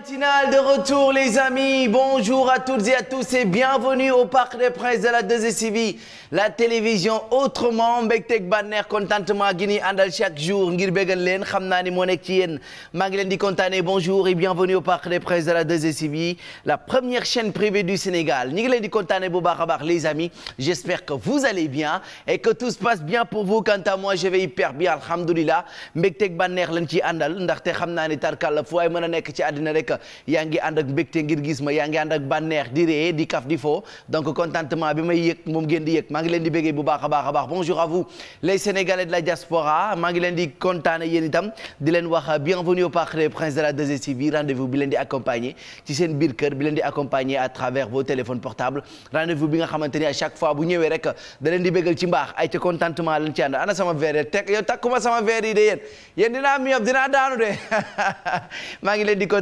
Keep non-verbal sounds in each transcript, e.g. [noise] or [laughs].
matinale de retour les amis bonjour à toutes et à tous et bienvenue au Parc des Princes de la 2STV la télévision autrement mbégteeg bànneex contentement gi ñuy àndal chaque jour ngir bégal leen xam naa ni moo nekk ci yéen maa ngi leen di kontaane bonjour et bienvenue au Parc des Princes de la 2STV la première chaîne privée du Sénégal ñi ngi leen di kontaane bu baax a baax les amis j'espère que vous allez bien et que tout se passe bien pour vous quant à moi je àndal ndaxte xam naa ni tarkal la fu waay mën a nekk ci àddina rek yaa ngi ànd ak ngir gis yaa ngi ànd ak di ree di kaf di fo donc contentement bi may yëg moom ngeen di yëg maa ngi leen di béggee bu baax a baax a baax bonjour à vous les sénégalais de la diaspora maa ngi leen di kontaane yéen di leen wax bienvenue au parc des princes de la 2STV rendez-vous bi leen di accompagner ci seen biir bi leen di accompagner à travers vos téléphones portables rendez bi nga xamante ni à chaque fois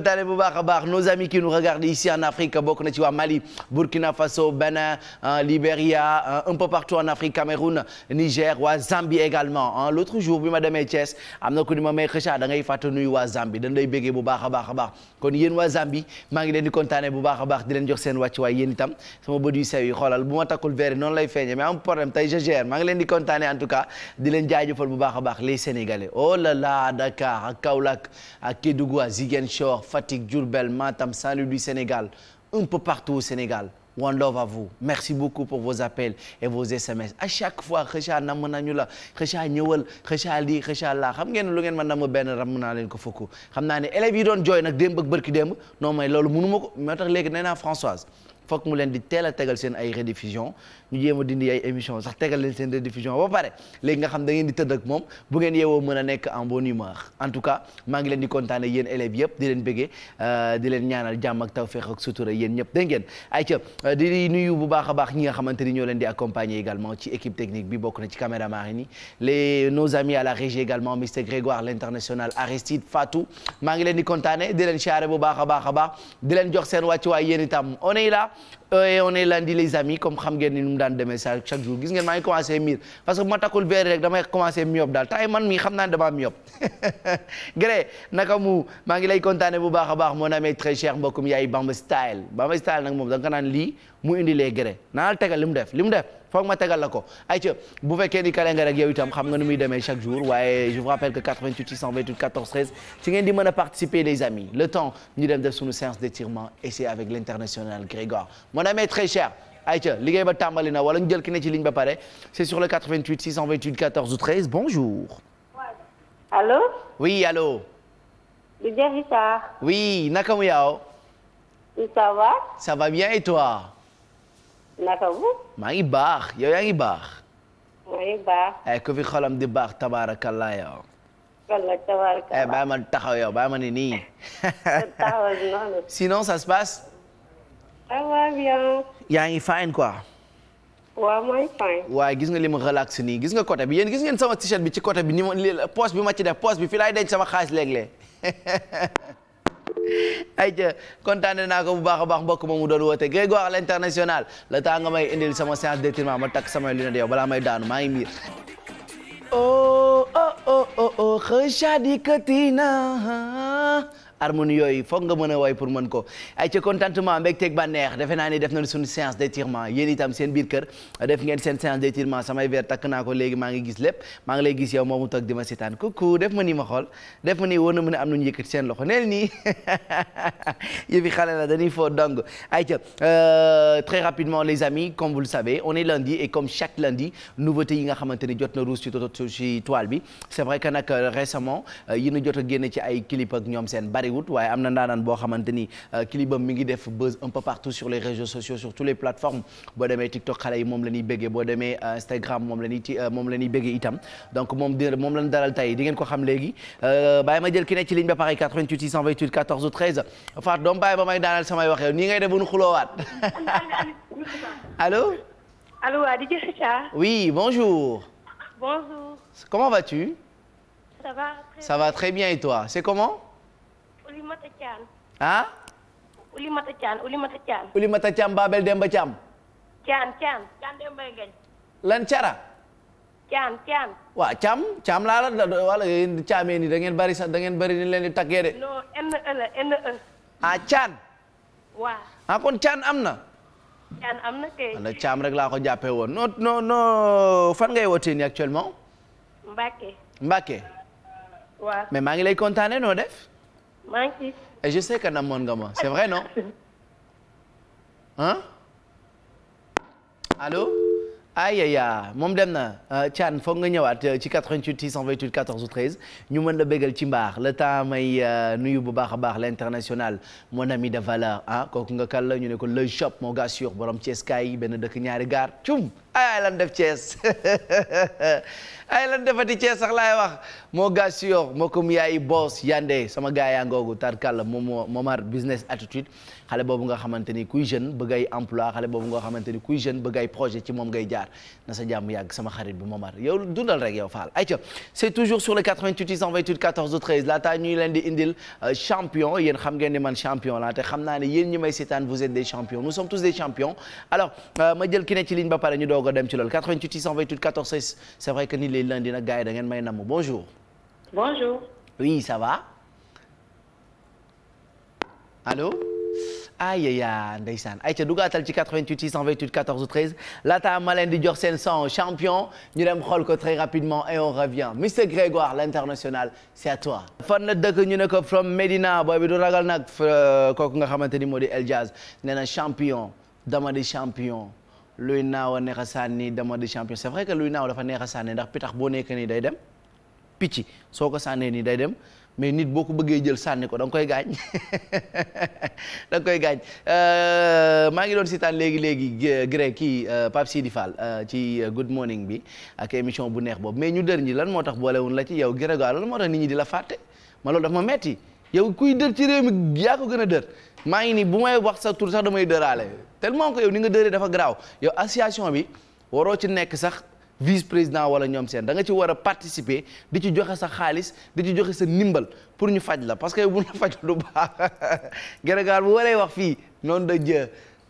da [laughs] bu baax a baax nos amis qui nous regardent ici en Afrique bokk na ci waa Mali Burkina Faso Bénin Libéria un peu en Afrique Cameroun Niger waa Zambie également l'autre jour bi ma demee Thiès am na ku ni ma may xëcca da ngay fàtte nuyu waa Zambie dañ lay béggee bu baax a baax a baax kon yéen waa Zambie maa leen di kontaane bu baax a baax di leen jox seen wàcc waay yéen itam sama bët yu sew yi xoolal bu ma takkul verre noonu lay feeñe mais am problème tey Fatick Diourbel Matam Saint-Louis du Sénégal un peu partout au Sénégal one à vous merci beaucoup pour vos appels et vos SMS à chaque fois Kheucha namm nañu la Kheucha ñëwal Kheucha lii Kheucha laa xam ngeen lu ngeen ma namm benn ram naa leen ko fukk xam naa ne élèves yi doon jooy nag démb ak bërki démb non mais loolu mënu ma ko moo tax léegi nee naa Françoise foog mu leen di teel a tegal seen ay rediffusion ñu jéem a dindi ay émission sax tegal leen seen rediffusion ba pare léegi nga xam da di tëdd ak moom bu ngeen yeewoo mën nekk en bonne humeur en tout cas maa leen di kontaane yéen élèves yëpp di leen béggee euh, di leen ñaanal jàmm ak tawfeex ak sutura yéen ñëpp dégg ngeen ay ca euh, di nuyu bu baax baax ñi nga xamante ni ñoo leen di accompagner également ci équipe technique bi bokk na ci caméraman yi les nos amis à également Mister Grégoire l'international mu daan demee sa chaque jour gis ngeen maa ngi commencé miir parce que bu ma takkul verre rek damay commencé myob daal tay man mii xam naa ne damaa myob [laughs] gré mu maa ngi lay kontaane bu baax a baax moo namee très cher mbokkum yaay Bamba Style Bamba Style nag moom da nga ko naan lii mu indi les gré naa la tegal li mu def ma tegal la ko ayca bu fekkee ni kale nga rek yow itam nga nu muy demee chaque jour waaye je vous rappelle que 88 di mën a participer les amis le temps ñu ayca liggéey ba tàmbali na wala ñu jël ki ne ci ligne ba pare c'est sur le 88 628 14 ou 13 bonjour. allo. oui allo. di Dieng Issa. oui naka mu yaaw. ça va. ça va bien et toi. naka mu. maa ngi baax yow yaa ngi baax. maa ngi baax. ay eh, ku fi xolam di baax tabaarakallah yow. wallaahi tabaarakallah. eh bàyyi ma taxaw yow bàyyi ma ni nii. [laughs] taxaw noonu. sinon ça se passe. ça va bien. ngi fine quoi. waaw waaye gis nga li ma relax nii gis nga côté bi yéen gis ngeen sama t-shirt bi ci côté bi ni ma poche bi ma ci def poche bi fii laay denc sama xaalis léeg-léeg. ayca [laughs] kontaane naa ko bu baax a baax mbokk moomu doon woote Grégoire l'international le temps nga may indil sama séance d'étirement ma takk samay lunette yow balaa may daanu maa ngi miir. oh oh oh oh oh xëy harmonie yooyu foog nga mën a woy pour mën ko ay ca contentement mbégteeg bànneex defe naa ni def nañu suñu séance d'étirement yéen itam seen biir kër def ngeen seen séance d'étirement samay verre takk naa ko léegi maa ngi gis lépp maa ngi lay seen loxo neel nii [laughs] yëfi xale la dañuy foo dong ay ca euh, très rapidement les amis comme vous le savez on est lundi et comme chaque lundi nouveauté yi nga xamante ni jot na ruus ci ci toile bi c'est vrai que nag euh, récemment euh, ci ay clip ak ñoom seen bariwut waaye am na ndaanaan boo xamante ni kilibam euh, mi ngi def un peu partout sur les réseaux sociaux sur toutes les plateformes boo TikTok xale yi moom la ñuy béggee boo demee euh, Instagram moom la ñuy euh, moom la itam donc moom di dalal tey di ko xam léegi bàyyi ma jël ki ne ba pare 88 628 14 13 Fatou doom bàyyi ba may samay wax yow ngay def bu ñu xuloowaat [laughs] allô allô waa DJ Kheucha bonjour comment vas-tu ça va très bien. toi c'est comment Oulimata Thiam. ah. Oulimata Thiam Oulimata Thiam. Oulimata Thiam Babel Demba Thiam. lan cara. Thiam Thiam. waaw Thiam Thiam laa la wala yéen Thiamee nii da ngeen bari sa da ngeen bari ni leen di taggee de. non NE la NE. ah Thiam. ah kon Thiam am na. Thiam am na kay. rek laa ko jàppee woon non non fan ngay wootee nii actuellement. Mbacke. Mbacke. waaw maa ngi lay kontaanee noo def. maa ngi ci. et je sais que namoon nga ma c'est vrai non. ah [laughs] allo. ayaya moom dem na euh, Thian foog nga ñëwaat euh, ci 88 628 14 13 ñu mën la bégal ci mbaax le temps may euh, nuyu bu baax a baax l'international mon ami de valeur ah kooku nga kal la ñu ne ko le shop moo gaa sur borom Thiès kaay benn dëkk ñaari gaar cum ay lan def Thiès ay [laughs] lan defati Thiès sax laay wax moo gaa sur moo comme yaay boss yande sama gaay yaa ngoogu tarkal moom Momar business attitude xale boobu nga xamante ni kuy jeune bëgg ay emploi xale boobu nga xamante ni kuy jeune bëgg ay projet ci moom ngay jaar na sa jàmm yàgg sama xarit bi Momar yow dundal rek yow Fall ayca c'est toujours sur le 88 628 14 leen di indil euh, champion yéen xam ngeen ni man champion la te xam naa ne yéen ñi may seetaan vous êtes des champions nous sommes tous des champions alors euh, ma jël ki ne ci ligne ba pare ñu doog a dem ci loolu c'est vrai que ni les lundi nag gars yi da ay ya ndeysaan ay ca dugaatal ci 88 628 14 13 laata ma leen di jox seen son champion ñu dem xool ko très rapidement et on revient Mister Grégoire l'international c'est à toi fan la dëkk ñu ne ko from Medina booy bi du ragal nag euh, kooku nga xamante ni moo di El Jazz nee na champion dama di champion luy naaw a neex a sànni dama di champion c'est vrai que luy naaw dafa neex a sànni ndax pitax boo nekk nii day dem picc soo ko sànnee nii day dem mais nit boo ko bëggee jël sànni ko danga koy gaañ [laughs] da nga koy gaañ euh, maa ngi doon sitaan léegi léegi gré kii euh, Pape di Fall euh, ci Good Morning bi ak émission bu neex boobu mais ñu dër ñi lan moo tax boolewun la ci yow Grégoire lan moo tax nit ñi di la fàtte ma loolu dafa ma metti yow kuy dër ci réew mi yaa ko gën a dër maa ngi nii bu may wax sa tur sax damay dëraale tellement ko yow ni nga dëree dafa garaaw yow association bi waroo ci nekk sax vice président wala ñoom seen da nga ci war a participer di ci joxe sa xaalis di ci joxe sa ndimbal pour ñu faj la parce que bu la faj du baax gërëgaal [laughs] bu waree wax fii noonu da jë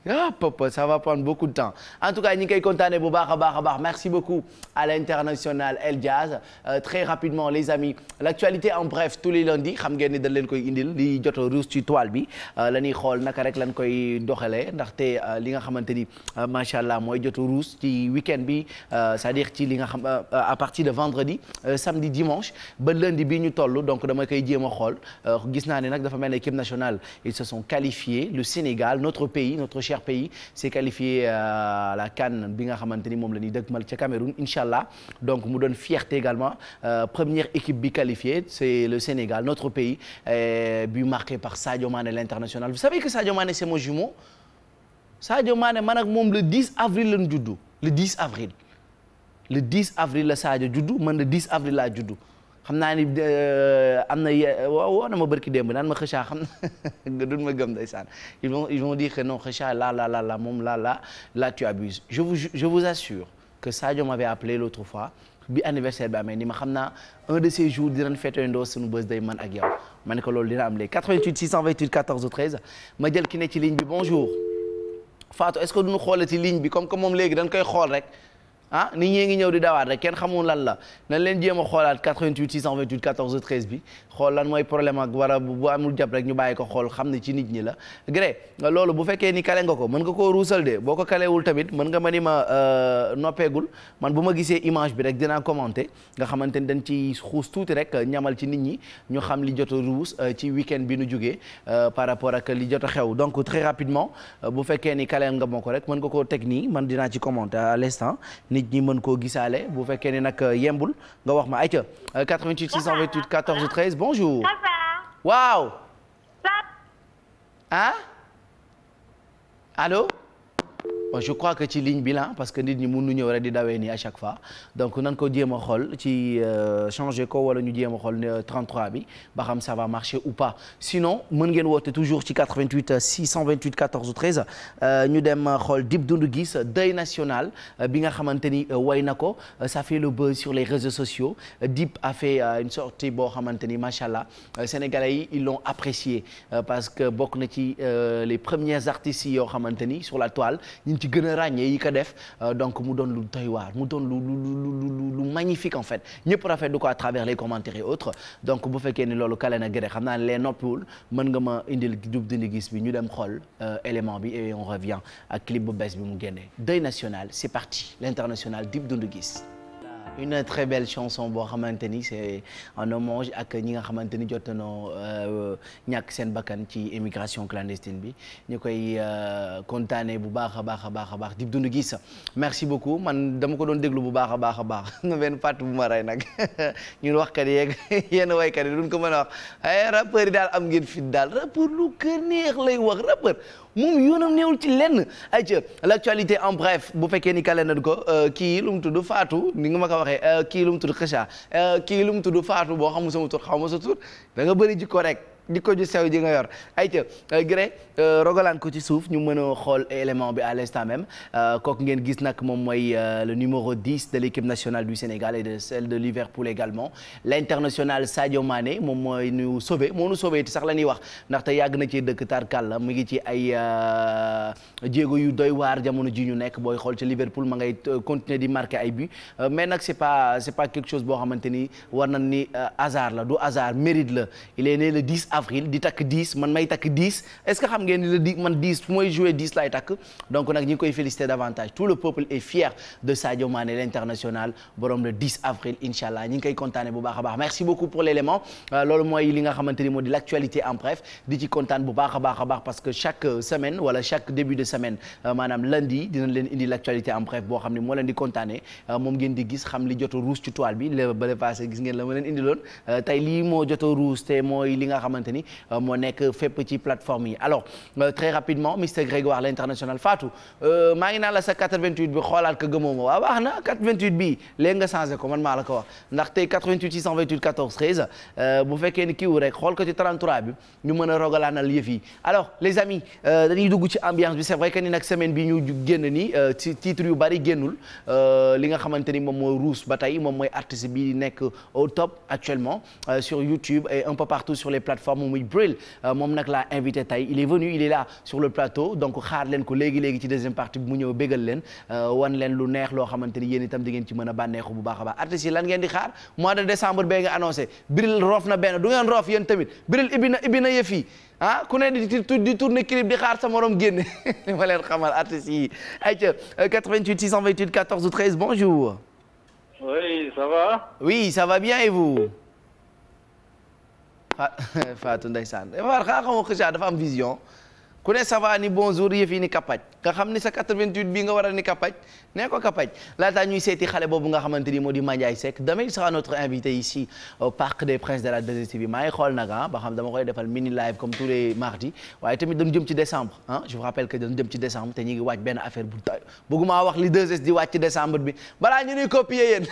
ah papa ça va prendre beaucoup de temps en tout cas ñi ngi bu baax a baax a baax merci beaucoup à l'international El Diaz euh, très rapidement les amis l'actualité en bref tous les lundis xam ngeen ni dañ leen koy indil li jot a ruus ci toile bi euh, la ñuy xool naka koy doxalee ndaxte euh, li nga xamante ni euh, macha allah mooy jot a ruus ci week bi c'est-à-dire ci li nga xam à partir de vendredi samedi dimanche ba lundi bi ñu toll donc dama koy jéem a xool gis naa ne nag dafa mel ne équipe nationale ils se sont qualifiés cher pays s'est qualifié euh, à la CAN bi nga xamante ni moom la ñuy dëgmal ca Cameroun incha allah donc mu doon fierté également euh, première équipe bi qualifiée c'est le Sénégal notre pays bu marqué par Sadio Mané l'international vous savez que Sadio Mané c'est mon jumeau Sadio Mané man ak moom le 10 avril lañ juddu le 10 avril le 10 avril la Sadio juddu man le 10 avril laa juddu xam naa ni euh, am na woo na ma barki démb naan ma xëcaa xam [laughs] nga duñ ma gëm ndeysaan ils vont ils vont dire que non xëcaa là là là là moom là là là tu abuses je vous assure que Sadio m'avait appelé l'autre fois bi anniversaire bi amee ma xam na un de ces jours dinañ feetandoo suñu bës day man ak yow ma ne ko loolu dina am léegi 88 628 14 13 ma jël ki ne ci ligne bi bonjour Fatou est-ce que duñu xoolati ligne bi comme que moom léegi dan koy xool rek ah nit ñee ngi ñëw di dawaat rek kenn xamul lan la nañ leen jéem a xoolaat 88 628 14 13 bi xool lan mooy problème ak war a bu amul jàpp rek ñu bàyyi ko xool xam ne ci nit ñi la gré loolu bu fekkee ni kale nga ko mën nga koo ruusal boo ko kalewul tamit mën nga ma ni ma euh, noppeegul man bu ma gisee image bi rek dinaa commenter nga xamante ni dañ ci xuus tuuti rek ñamal ci nit ñi ñu xam li jot a euh, ci week bi nu jugee euh, par rapport ak li jot xew donc très rapidement bu fekkee ni kaleel nga ko rek mën nga koo teg nii man dinaa ci commenter à l'instant nit ñi mën koo gisaale bu fekkee ne nag euh, yembul nga wax ma ayca 88 628 14 13 bonjour. waaw. ah allo. bon je crois que ci ligne bi la parce que nit ñi mun nu ñëw rek di dawee nii à chaque fois donc nan ko jéem a xool ci euh, changer ko wala ñu jéem a xool 33 euh, bi ba xam ça va marcher ou pas sinon mën ngeen woote toujours ci 88 628 14 13 ñu dem euh, xool Dip Doundou Guiss deuil national bi nga xamante ni way na ko ça fait le buzz sur les réseaux sociaux Dip a fait une sortie boo xamante ni macha allah sénégalais yi ils l'ont apprécié parce que bokk na ci les premiers artistes yi yoo xamante ni sur la toile ñi ci gën a ràññee yi ko def euh, donc mu doon lu doy mu doon lu lu lu lu magnifique en fait ñëpp rafetlu ko à travers les commentaires et autres donc bu fekkee ni loolu kale na gërëm xam naa ne lee noppiwul mën nga ma indil dub dindi gis bi ñu dem xool euh, élément bi et on revient ak clip bu bees bi mu génnee dey national c'est parti l'international dib dund gis une très belle chanson boo xamante ni c'est un hommage ak ñi nga xamante ni jot nañoo euh, ñàkk seen bakkan ci immigration clandestine bi ñu koy euh, kontaanee bu baax a baax a baax a baax Dip Doundou Guiss merci beaucoup man dama ko doon déglu bu baax a baax a baax [laughs] nga benn pàtt bu ma rey ñu [laughs] ñun waxkat yeeg [laughs] yenn waykat yi duñ ko mën a wax ay yi daal am ngeen fit daal rappeur lu ko neex lay wax rappeur moom yoonam néewul ci lenn ay ca l' actualité en bref bu fekkee ni kale nañ ko euh, kii lu mu tudd faatu ni nga ma ko waxee euh, kii lu mu tudd Kheucha euh, kii lu mu tudd Fatou boo xamul sama tur xaw ma sa tur da nga bëri jikko rek di ko ju sew ji nga yor ay ca euh, gré euh, rogalaan ko ci suuf ñu mën a xool élément bi à l'instant même euh, kooku ngeen gis nag moom mooy le numéro 10 de l'équipe nationale du Sénégal et de celle de Liverpool également l'international Sadio Mané moom mooy ñu sauvé moo ñu sauvé sax la ñuy wax ndaxte yàgg na ci dëkk la mu ngi ci ay jéego yu doy waar jamono ji ñu nekk booy xool ci Liverpool ma ngay continuer di marquer ay buts mais nag c'est pas c'est pas boo xamante ni war na ni hasard la du hasard mérite la avril di takk 10 man may takk 10 est-ce que xam takk donc nag ñi koy féliciter davantage tout le peuple est fier de Sadio Mané l'international borom le avril incha ñi ngi koy bu euh, baax a baax parce que chaque euh, semaine wala chaque début de semaine euh, maanaam lundi dinañ leen indi l'actualité en bref boo xam ne moo leen di kontaane moom ngeen di gis xam li jot ruus ci toile bi le bale passé gis ngeen la ma leen indi loon tey lii moo jot a xamante ni euh, moo nekk fépp ci plateforme yi alors euh, très rapidement Mister Grégoire l'international Fatou euh, maa ngi naan la sa bi xoolaat ko gëmoo ma waaw bi léegi nga ko man maa la ko wax ndax bu fekkee ni kiiwu rek xool ko ci 33 bi ñu mën a rogalaanal yëf yi alors les amis dañuy ci ambiance bi c'est vrai ni nag semaine bi ñu génn ni titre yu bari génnul li nga xamante moom mooy ruus ba moom mooy artiste bi nekk au actuellement sur YouTube plateforme muy Bril euh, moom nag laa invité tey il est venu il est là sur le plateau donc xaar leen ko léegi léegi ci deuxième partie mu ñëw bégal leen euh, wan leen lu neex loo xamante ni yéen itam di ngeen ci mën a bu baax baax artistes yi lan ngeen di xaar mois de décembre bee annoncé Bril roof na du ngeen roof yéen tamit Bril ibbi na ah ku ne di di clip di xaar sa morom génne li [laughs] ma leen xamal yi ayca 88 euh, bonjour. oui ça va. oui bien et ah [laughs] Fatou ndeysaan Fatou xanaa xamoo Kheucha dafa am vision. ku ne ça va ni bonjour yëf yi nga xam ni sa 88 bii nga war a ni kapaj nee ko kapaj laataa ñuy seeti xale boobu nga xamante ni moo di Mandiaye Seck demain il sera notre invité ici au Parc des de la 2STV maa ngi xool nag ah ba xam dama koy defal mini live comme tous les mardis waaye tamit dañu jëm ci décembre ah je vous rappelle jëm ci décembre ngi waaj benn affaire bu doy bëgguma wax li 2S bi balaa ñu ñuy copier yéen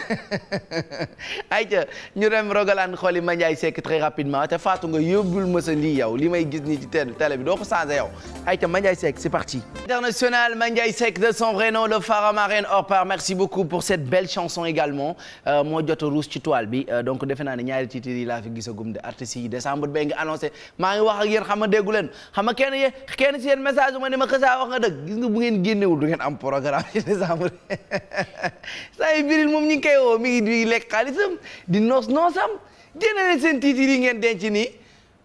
[laughs] ayca ñu dem rogalaan xooli Mandiaye Seck très rapidement ma sa yow li may gis nii ci télé bi doo ko changé yow Aïta Mandiaye Seck c'est parti. international Mandiaye Seck de son vrai nom le Faramareen hors pair merci beaucoup pour cette belle chanson également euh, moo jot a ruus ci toile bi euh, donc defe naa ñaari titres laa fi gisagum de artistes décembre ba nga maa ngi wax ak yéen xam nga déggu leen si yéen message ma ni ma xasaa wax nga gis nga bu ngeen génnewul du ngeen am programme [laughs] décembre [laughs] saa yu moom ñu woo mi ngi lekk xaalisam di noos noosam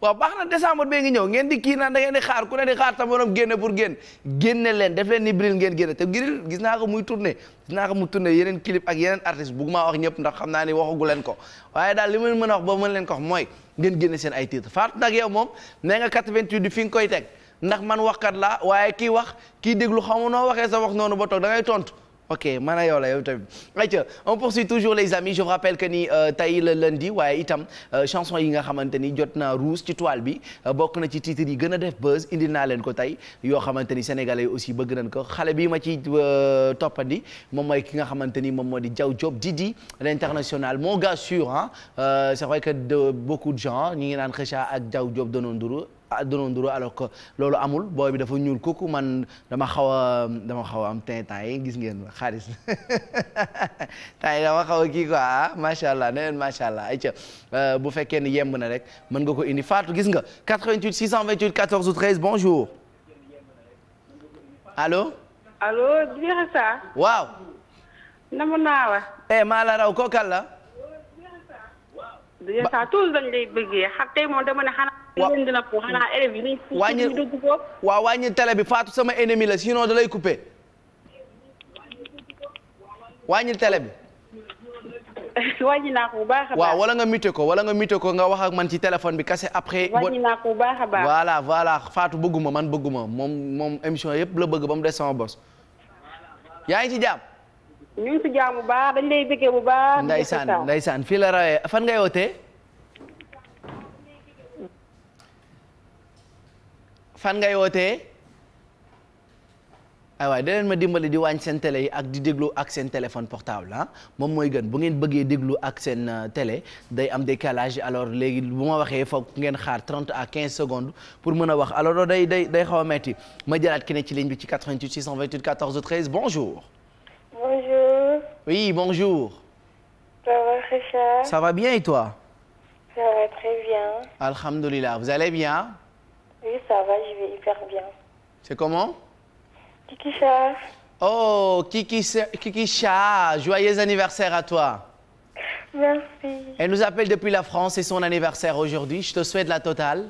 waaw baax na décembre bee ngi ñëw ngeen di kii naan di xaar ku ne di xaar tamorom génne pour génn génne leen def leen ni bril ngeen génne te bril gis naa ko muy tourné gis naa ko mu tourné yeneen clip ak yeneen artiste bëgguma wax ñëpp ndax xam naa ni waxagu leen ko waaye daal li ma mën a wax ba mën leen ko mooy ngeen génne seen ay titre Fatou nag yow moom nee nga 88 di fi nga koy teg ndax man wax waxkat laa waaye kii wax kii déglu xamu noo waxee sa wax noonu ba da ngay tontu ok man a yow la yow tamit ayca on poursuit toujours les amis je vous rappelle que ni euh, tey la itam euh, chanson yi nga xamante ni jot na ruus ci toile bi euh, bokk na ci titres yi gën a def buzz indil naa leen ko tey yoo xamante ni sénégalais aussi bëgg nan ko xale bi ma ci toppandi moom mooy ki nga xamante ni moom moo di Diaw Diop Didi l'international mon gars sûr ah c'est vrai que de beaucoup de gens ñi ngi naan xëca ak Diaw Diop donoon duru doon nduru alors que loolu amul booy bi dafa ñuul kooku man dama xaw a dama xaw am teint temps yi gis ngeen xaalis temps [laughs] yi dama xaw kii quoi ah macha allah nee leen macha allah ayca euh, bu fekkee ni yemb na rek mën nga ko indi Fatou gis nga 88 628 14 ou 13 bonjour allo. allo. waaw. namu naa wa. eh maa la raw kookal la. déjà tous dañ lay bëggee xam tey moom dama xanaa. waaw yi nañ dugg ko. bi Fatou sama ennemi la sinon da lay coupé. [laughs] wàññi naa ko bu baax waaw wala nga muté ko wala nga muté ko nga wax ak man ci téléphone bi kase après. wàññi naa ko bu baax a baax. voilà voilà Fatou bëgguma man bëgguma moom moom émission yëpp la bëgg ba mu des sama bos. yaa ngi ci jàmm. ñu ngi si jàmm bu baax dañ lay bëggee bu baax. ndeysaan ndeysaan fii la rawee fan ngay wootee. fan ngay wootee. aywa da leen ma dimbali di wàññi seen télé yi ak di déglu ak seen téléphone portable ah moom mooy gën bu ngeen bëggee déglu ak seen euh, télé day am décalage alors léegi bu ma waxee foog ngeen xaar 30 à 15 secondes pour mën a wax alors day day day xaw a metti ma jëlaat ki ne ci ligne bi ci 88 628 14 13 bonjour. Bonjour. Oui, bonjour. Ça va, Richard? Ça va bien et toi? Ça va très bien. Alhamdulillah. Vous allez bien? Oui, ça va, je vais hyper bien. C'est comment? Kiki Cha. Oh, Kiki Kiki Cha, joyeux anniversaire à toi. Merci. Elle nous appelle depuis la France, c'est son anniversaire aujourd'hui. Je te souhaite la totale.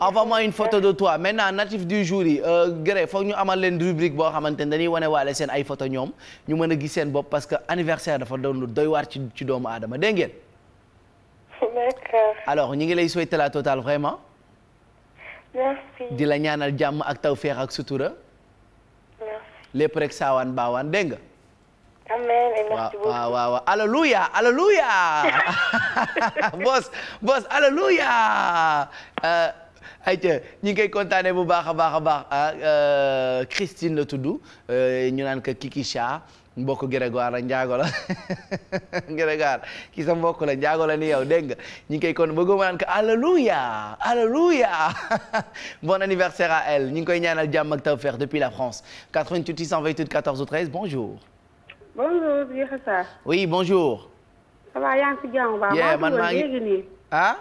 envoie-moi une photo de toi maintenant natif du jour yi euh, gré foog ñu amal leen rubrique boo xamante ne dañuy wane waale seen ay photo ñoom ñu mën a gis seen bopp parce que anniversaire dafa doon lu doy waar ci doomu aadama dégg ngeen. ñu ngi lay souhaiter la totale vraiment. di la ñaanal jàmm ak taw feex ak sutura. merci lépp rek saawaan baawaan dégg nga. amen et merci beaucoup waaw waaw waaw alléluia alléluia [laughs] boss boss alléluia uh, ayca ñu ngi koy bu baax a baax a baax ah, uh, Christine la tudd uh, ñu naan ko Kikisha mbokk Grégoire la njaago la [laughs] Grégoire ki sa la njaago la ni yow dégg nga ñu ngi koy kon bëggoo ma naan ko alléluia alléluia [laughs] bon anniversaire à elle ñu ngi koy ñaanal jàmm ak tawfeex depuis la France 88 bonjour bonjour Yaya Sarr. oui bonjour. ça va man maa ngi nii. ah.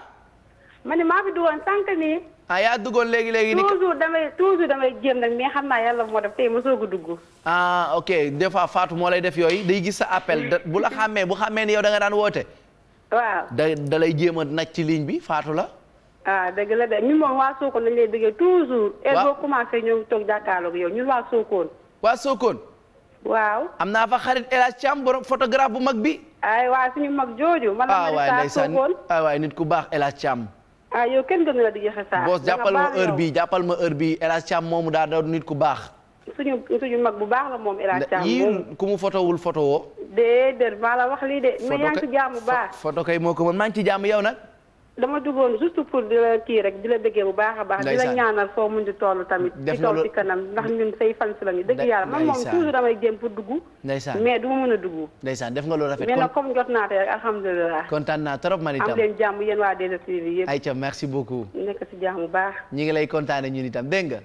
ma ne maa fi duggoon sànq nii. ah yaa duggoon léegi léegi nii. toujours damay toujours damay jéem nag mais xam naa yàlla moo def tey ma soog a dugg. ah ok des faatu Fatou moo lay def yooyu day gis sa appel da bu la xàmmee bu xàmmee ni yow da nga daan woote. waaw da da lay jéem a nag ci ligne bi faatu la. ah dëgg la de ñun moom waa Sokone dañu lay déggee toujours. waaw heure boo commencé toog jàkkaarloog yow ñun waa Sokone. waa Sokone. waaw am naa fa xarit El Hadj Thiam borom bu mag bi. ay waay suñu mag jooju. man la ah, Marisa Sokone ah waay nit ku baax El Hadj Thiam. ah yow kenn gën jàppal ma heure bi jàppal ma heure bi El Hadj Thiam moomu daa doon nit ku baax. suñu suñu mag bu baax la moom El Hadj Thiam yii ku mu photo wul photo woo. déedéet maa la wax lii de. mais yaa ngi ci jàmm bu baax photo kay moo ko mën maa ngi ci jàmm yow na dama duggoon juste pour di la kii rek di la bëggee bu baax a baax. di la ñaanal foo mun di toll tamit. def na ci kanam ndax ñun say fan la lañu. dëgg yàlla man moom toujours damay jéem pour dugg. ndeysaan mais du ma mën a dugg. ndeysaan def nga lu rafet mais nag comme jot naa tey kontaan naa trop man itam am leen jàmm yéen waa 2STV yëpp. ayca merci beaucoup. nekk si jàmm bu baax. ñu ngi lay kontaane ñun itam dégg nga.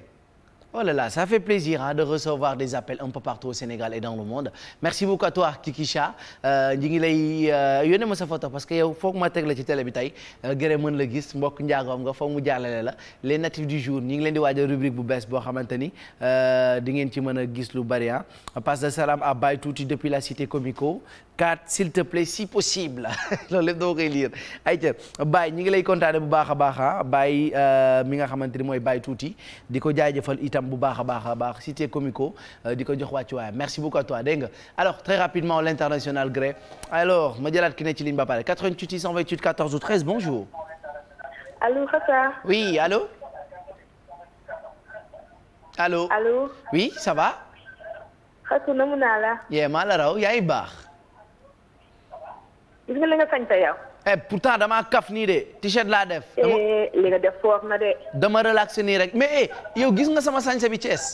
Oh là là, ça fait plaisir hein, de recevoir des appels un peu au Sénégal et dans le monde. Merci beaucoup à toi Kikisha euh, ñi ngi lay euh, yónnee ma sa photo parce que yow foog ma teg la ci télé bi tey euh, gërë mën la gis mbokk njaagoom nga foog mu jàllale la les natifs du jour ñi ngi leen di waajal rubrique bu bees boo xamante ni di ngeen ci mën a gis lu bari a passe de salam à Baye Touti depuis la cité Comico 4 s'il te plaît si possible [laughs] loolu doo koy lire ayca Baye ngi lay kontaane bu baax a baax ah mi nga xamante ni mooy Baye Touti itam bu baax a baax a baax cité comico euh, di ko jox wàccu waaye merci beaucoup à toi dégg nga alors rapidement l'international gré alors ma ki ne ci ligne ba pare 88 628 14 ou 13 bonjour. allo Kheucha. oui allo. allo allo. oui va. Kheucha namu naa la. yee la raw yaay baax. gis eh pourtant damaa kaf nii de ti shirt laa def. Eh, li def fort na de. dama relaxé nii rek mais eh, yow gis nga sama sañse bi Thiès.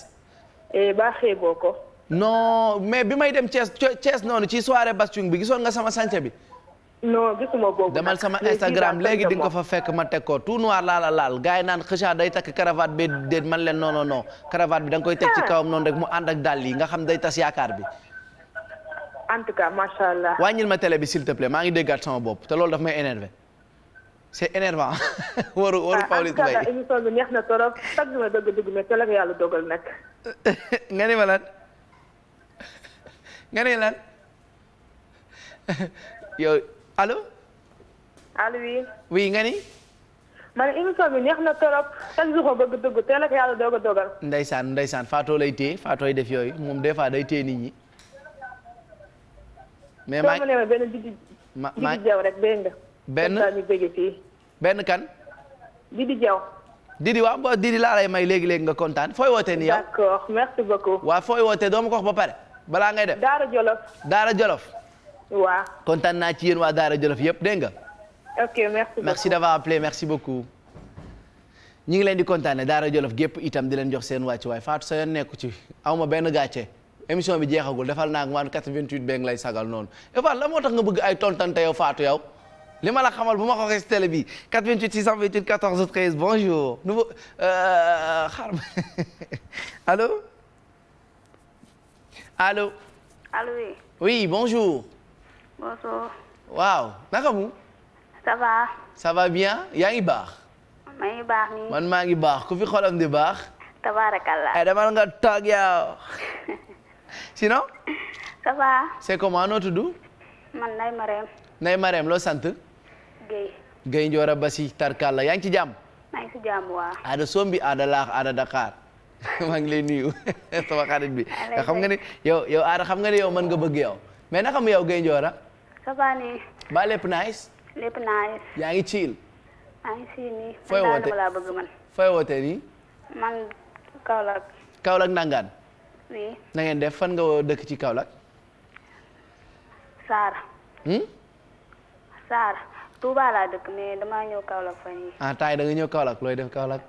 eh baaxee ko. non bi may dem Thiès Thiès noonu ci soirée Bastung bi gisoon nga sama sañse bi. non gisuma boobu demal sama Instagram léegi di ko fa fekk ma teg ko tout noir laala laal gars yi naan xëcca day takk cravate bi déet man leen non non non bi da nga koy teg ci kawam noonu rek mu ànd ak dàll yi nga xam day tas yaakaar bi. en tout cas macha allah. wàññil ma télé bi s'il te maa ngi déggaat sama bopp te loolu daf may énervé c' est énervant. [laughs] waru waru ah, Pawlish Mbaye na torop chaque jour ma dëgg dëgg mais te la nga yàlla dogal nag. [laughs] nga ne ma lan nga ne lan [laughs] yow allo. allo oui. oui nga ni. man émission bi neex na torop chaque jour ma bëgg te teel ak yàlla doog a dogal. ndeysaan ndeysaan Fatou lay téye Fatou ay def yooyu moom des fois day téye nit ñi. mais maa ngi ma benn Didi. ma maa Didi Diaw rek benn. benn ñu bëgg fii. benn kan. Didi Diaw. Didi waaw boo Didi laa lay may léegi léegi nga kontaan fooy wootee ni yow. d'accord merci beaucoup. fooy wootee doo ma ba pare balaa ngay def. Daara Jolof. Daara Jolof. waaw. kontaan naa ci yéen waa Daara Jolof yëpp dégg nga. ok merci beaucoup merci merci beaucoup. ñu ngi leen di kontaane Daara Jolof gépp itam di leen jox seen wàccuwaay Fatou sa yoon nekku ci aw ma benn gàcce. émission bi jeexagul defal naa waan 88 beeg lay sagal noonu Eva la moo tax nga bëgg ay tontante yow Fatou yow li ma la xamal bu ma ko waxee si télé bi 88 628 14 13 bonjour nouveau euh, xaar [laughs] allo allo. allo oui. oui ngi baax. ku fi xolam baax. Eh, nga toog yow. [laughs] sinon. ça va. c'est comment noo tudd. man Nay Marème. Nay Marème loo sant. Guèye. Guèye Ndiora Bassi Tarkalla yaa ngi ci jàmm. maa ngi ci jàmm waaw. aada sombi aada laax aada Dakar [laughs] maa ngi lay nuyu [laughs] sama xarit bi. nga xam nga ne yow nga mën nga bëgg yow mais na xam yow Guèye Ndiora. ça va ba lépp nice. lépp nice. yaa ngi chill. maa ngi chill man laa bëgg oui. na ngeen def fan nga dëkk ci Kaolack. Saara. Hmm? Saara Touba laa dëkk mais damaa ñëw Kaolack fan yii. ah taay da nga ñëw Kaolack looy def Kaolack.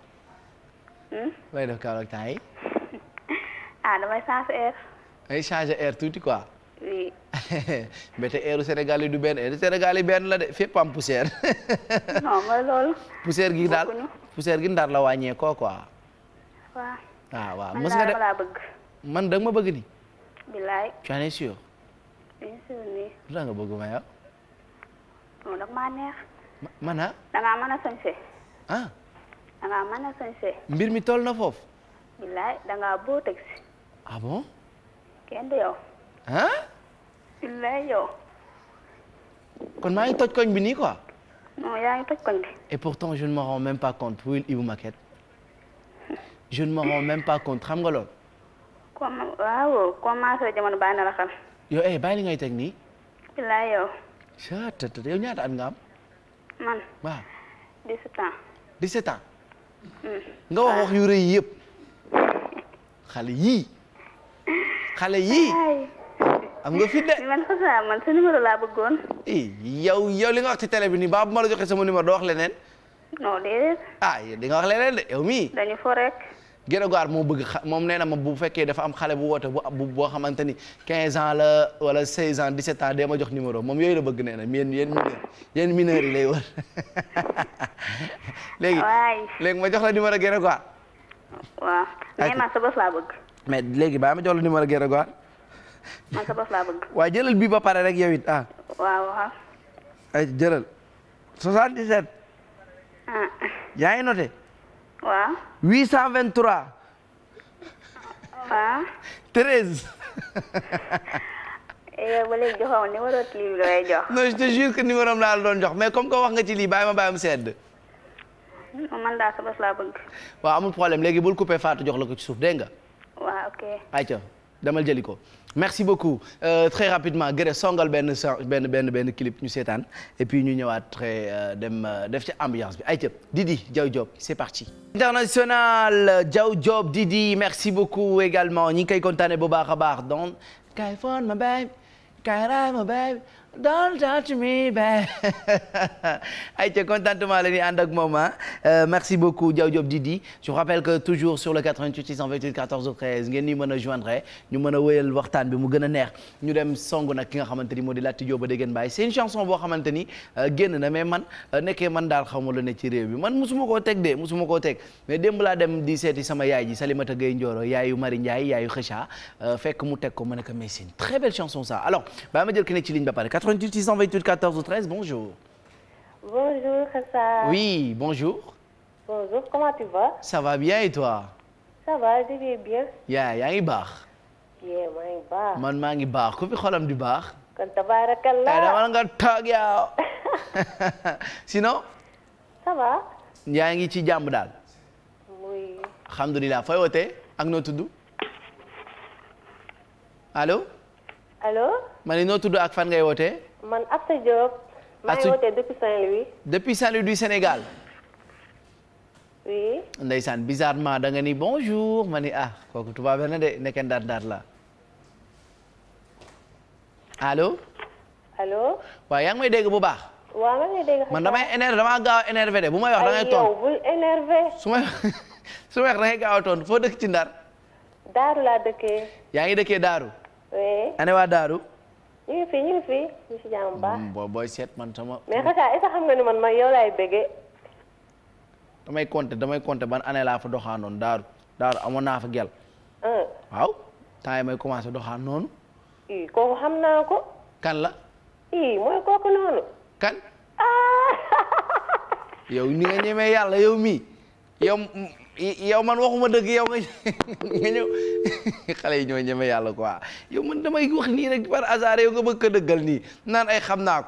Hmm? looy def Kaolack taay. [laughs] ah damay changer air. tuuti quoi. oui. [laughs] mbete airu Sénégal du benn airu Sénégal benn la de fépp am poussière. [laughs] non mooy loolu. poussière gi daal poussière gi ndar la wàññeekoo quoi. waaw ah, waaw mës nga de. man da nga ma bëgg nii. bilaay. tu en es sûr. bien sûr non nag maa neex. ma man ah. da ngaa mën a ah. mbir mi tol na foofu. bilaay da ngaa ah bon. kenn du yow. ah. bilaay yow. kon maa ngi toj koñ bi nii quoi. non yaa ngi toj koñ bi. et pourtant je ne me rends même pas compte pour une Ibou Maquette. je ne me rends même pas xam nga loolu. comme waaw commencé jamono bàyyi na la xam. yow eh bàyyi li ngay teg nii. bilaay yow. saa tëdd yow ñaata at nga am. man waaw. 17 ans. 17 mm. nga wax wax yu rëy yëpp. [laughs] xale yii. am nga fit de. [laughs] man laa bëggoon. Eh, yow yow li nga wax ci télé bi nii baa bu ma la sama numéro doo wax leneen. non déedéet. ah yow mii. dañu fo Grégoire moo bëgg xa moom nee na ma bu fekkee dafa am xale bu woote bu boo xamante ni 15 ans la wala 16 ans 17 ans dee ma jox numéro moom yooyu la bëgg nee na yéen yéen mineur yéen mineur yi lay wër [laughs] léegi. waay léegi ma jox la numéro Grégoire. waaw mais man sa bopp bëgg. mais léegi baa ma jox la numéro Grégoire. man sa bopp laa bëgg. [laughs] jëlal bi ba pare rek yow it ah. waaw waaw. Ah. yaa ngi noté. waa 823. waaw. 13. ba léegi joxoon numéro lii lay jox. non je te jure que numéro doon jox mais comme que wax nga ci lii baay ma bàyyi ma sedd. man daa sa bos laa bëgg. waaw amul problème léegi bul coupé faat jox la ko ci suuf dégg nga. waaw ok. ayca jëli ko. merci beaucoup euh, très rapidement gërë songal benn benn benn benn clip ñu seetaan et puis ñu ñëwaat très euh, dem euh, def ci ambiance bi ay tëb Didi Diaw Diop c'est parti international Diaw Diop Didi merci beaucoup également ñi ngi koy kontaane bu baax a baax donc California my baby California my don't touch me babe [laughs] ayca contentement la ñuy ànd ak moom euh, merci beaucoup Diaw Diop Didi je vous rappelle que toujours sur le 88 628 14 13 ngeen ñuy mën a joindre ñu mën a wéyal waxtaan bi mu gën a neex ñu dem song nag ki nga xamante ni moo di Laty Diop de dégg ngeen bàyyi c'est une chanson boo xamante euh, génn na mais man euh, nekkee man daal xaw ma lu ne ci réew mi man musuma koo teg de musuma koo teg mais démb laa dem di seeti sama yaay ji Salimata Gueye Ndioro yaayu Mari Ndiaye yaayu Kheucha fekk mu teg ko ma ne ko mais c'est une ma jël ki ne 88 628 14 ou 13 bonjour. Bonjour Hassan. Oui, bonjour. Bonjour, comment tu vas? Ça va bien et toi? Ça va, je vais bien. yaa yaa ngi baax. bien maa ngi baax. man maa ngi baax ku fi xolam di baax. kon tabarakallah. ay dama nga toog yow. [laughs] [laughs] sinon. ça va. yaa ngi ci jàmm daal. oui. alhamdulilah fooy wootee ak noo tudd. allo. allo. ma ne noo tudd ak fan ngay woote man Asta Diop. depuis Saint-Louis. depuis Saint-Louis du Sénégal. oui. ndeysaan bizarrement da nga bonjour ma ni ah kooku tubaab na de nekkee ndaat ndaat la allo. allo. waaw yaa ngi may dégg bu baax. waaw maa ngi gaaw a énervé de bu may wax da ngay tontu ay yow su may [laughs] su may gaaw a tontu foo dëkk ci ndar. Daaru laa dëkkee. yaa ngi dëkkee Daaru. oui. ana waa Daaru. ñu ngi fi ñu ngi fi ñu si baax. Mm, boo booy seet man sama. mais xasaa est xam nga ni man man yow laay bëggee. damay compter damay compter ban année laa fa doxaanoon Daaru Daaru amoon naa fa gel. waaw temps may commencé doxaan noonu. ii kooku xam naa ko. kan la. mooy kooku noonu. kan. Ah! [laughs] yow ni nga ñemee yàlla yow mii yow man waxuma dëgg yow nga [laughs] nga ñëw [laughs] xale yi ñoo ñeme yàlla quoi yow damay wax nii rek par hasard yow nga bëgg ko dëggal nii naan ay xam naak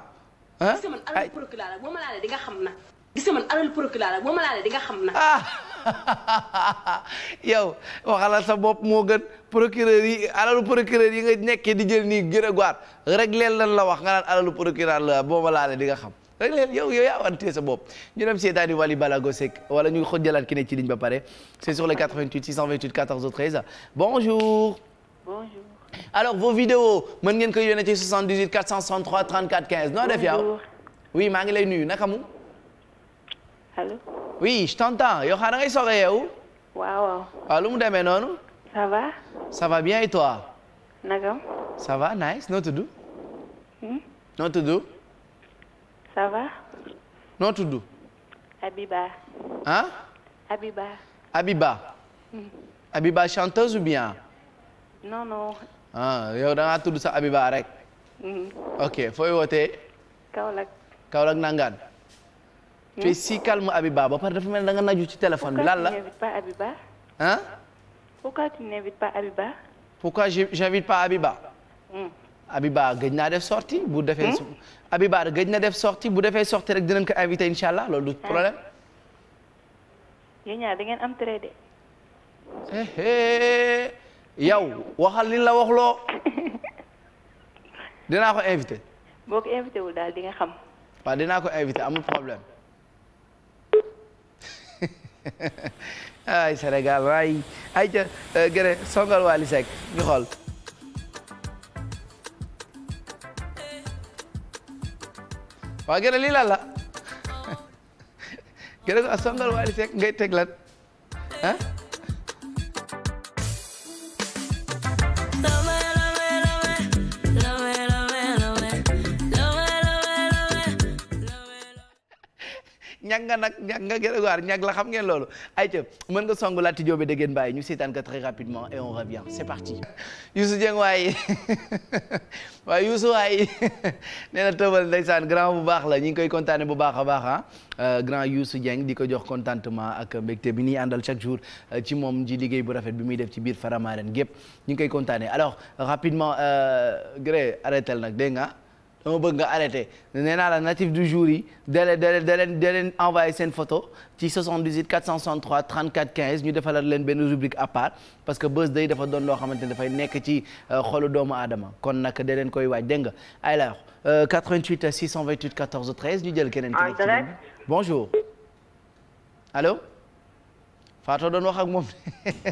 ko ah. nga xam na. gis man alal procureur la boo nga xam na. Ah! [laughs] yow waxalal sa bopp moo gën procureur yi alalu procureur yi nga nekkee di jël nii gërëwaat rek leen lan la wax nga naan alalu procureur la boo ma laalee di nga xam. rek leen yow yow yaa war a téye sa bopp ñu dem seetaani Wally Balago Seck wala ñu xojjalaat ki ne ci ligne ba pare c'est sur le 88 628 14 13 bonjour. bonjour. alors vos vidéos mën ngeen koy yónnee ci 78 463 34 15. noo def yow oui maa ngi lay nuyu naka mu. allo. oui je t'entends yow xanaa ngay soog a yeewu. waaw waaw. waaw ah, lu mu demee noonu. ça va. ça va bien et toi. naka. ça va nice noo tudd. Hmm? noo tudd. ça va. noo tudd. Abiba. ah. Abiba. Abiba. Mm. Abiba chanteuse ou bien. non non. ah yow da ngaa tudd sa Abiba rek. Mm-hmm. ok fooy wootee. Kaolack. Kaolack nangaan. tu hmm? es si calme Abiba ba pare daf mel da nga naju ci téléphone bi. lan la pourquoi tu n'invites pas Abiba. ah. pourquoi tu n'invites pas Abiba. pourquoi j'invite pas Abiba. Hmm. Abiba gëj naa def sortie Habib Baar gëj na def sortie bu defee sortie rek dinañ ko invité incha allah loolu du ah. problème. yéen ñaar da ngeen am traité. Eh, eh, yow waxal li la wax loo [laughs] dinaa ko invité. boo ko invité wul daal di nga xam. waaw dinaa ko invité amul problème. [laughs] ay Sénégal ay ca euh, gërë songal ñu xool. waaw gën a lii lan la gën a ko a songal Wally Seck ngay teg lan ah ñag nga nag ñag nga Grégoire ñag la xam ngeen loolu ayca mën nga song Laty Diop dégg ngeen bàyyi ñu seetaan ko très rapidement et on revient c'est parti [laughs] Youssou Dieng waaye [laughs] waaye Youssou waaye [laughs] nee na ndeysaan grand bu baax la ñu ngi koy kontaane bu baax a baax ah euh, grand Youssou Dieng di ko jox contentement ak mbégte bi ñuy àndal chaque jour euh, ci moom ji liggéey bu rafet bi muy def ci biir Faramaren gépp ñu ngi koy kontaane alors rapidement euh, Gré arrêtel nag dégg nga dama bëgg nga arrêté nee naa la natif du jour yi dale dale daleen daleen envoyé seen photo ci 78 463 34 15 ñu defalal leen benn rubrique à part parce que bés day dafa doon loo xamante ne nekk ci euh, xolu doomu aadama kon nag da leen koy waaj dégg nga alors 88 628 14 13 ñu jël keneen. en direct bonjour allo. Fatou doon wax ak moom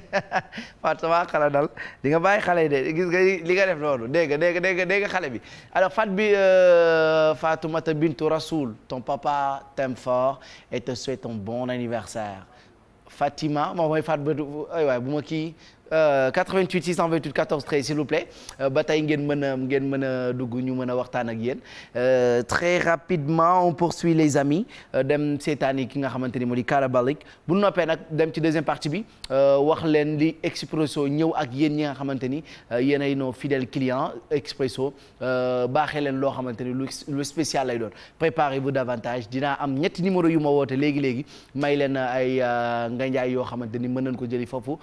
[laughs] Fatou sama xala dal di nga bàyyi xale yi de gis nga li nga def loolu dégg nga dégg nga dégg xale bi alors Fat bi euh, Fatoumata Bintou Rasoul ton papa t'aime fort et te souhaite un bon anniversaire Fatima moom mooy Fat ba bu ma kii 88 628 14 13 s'il vous plaît euh, ba tey ngeen mën a ngeen mën a dugg ñu mën a waxtaan ak yéen euh, très rapidement on poursuit les amis euh, dem seetaani ki nga xamante ni moo di Karabalik bu noppee nag dem ci deuxième partie bi wax leen li Expresso ñëw ak yéen ñi nga xamante ni yéen ay nos fidèles clients Expresso baaxee leen loo xamante ni lu lu spécial lay doon préparez-vous davantage dinaa am ñetti numéro yu ma woote léegi léegi may leen ay nganjaay yoo xamante ni mën nañ ko jëli foofu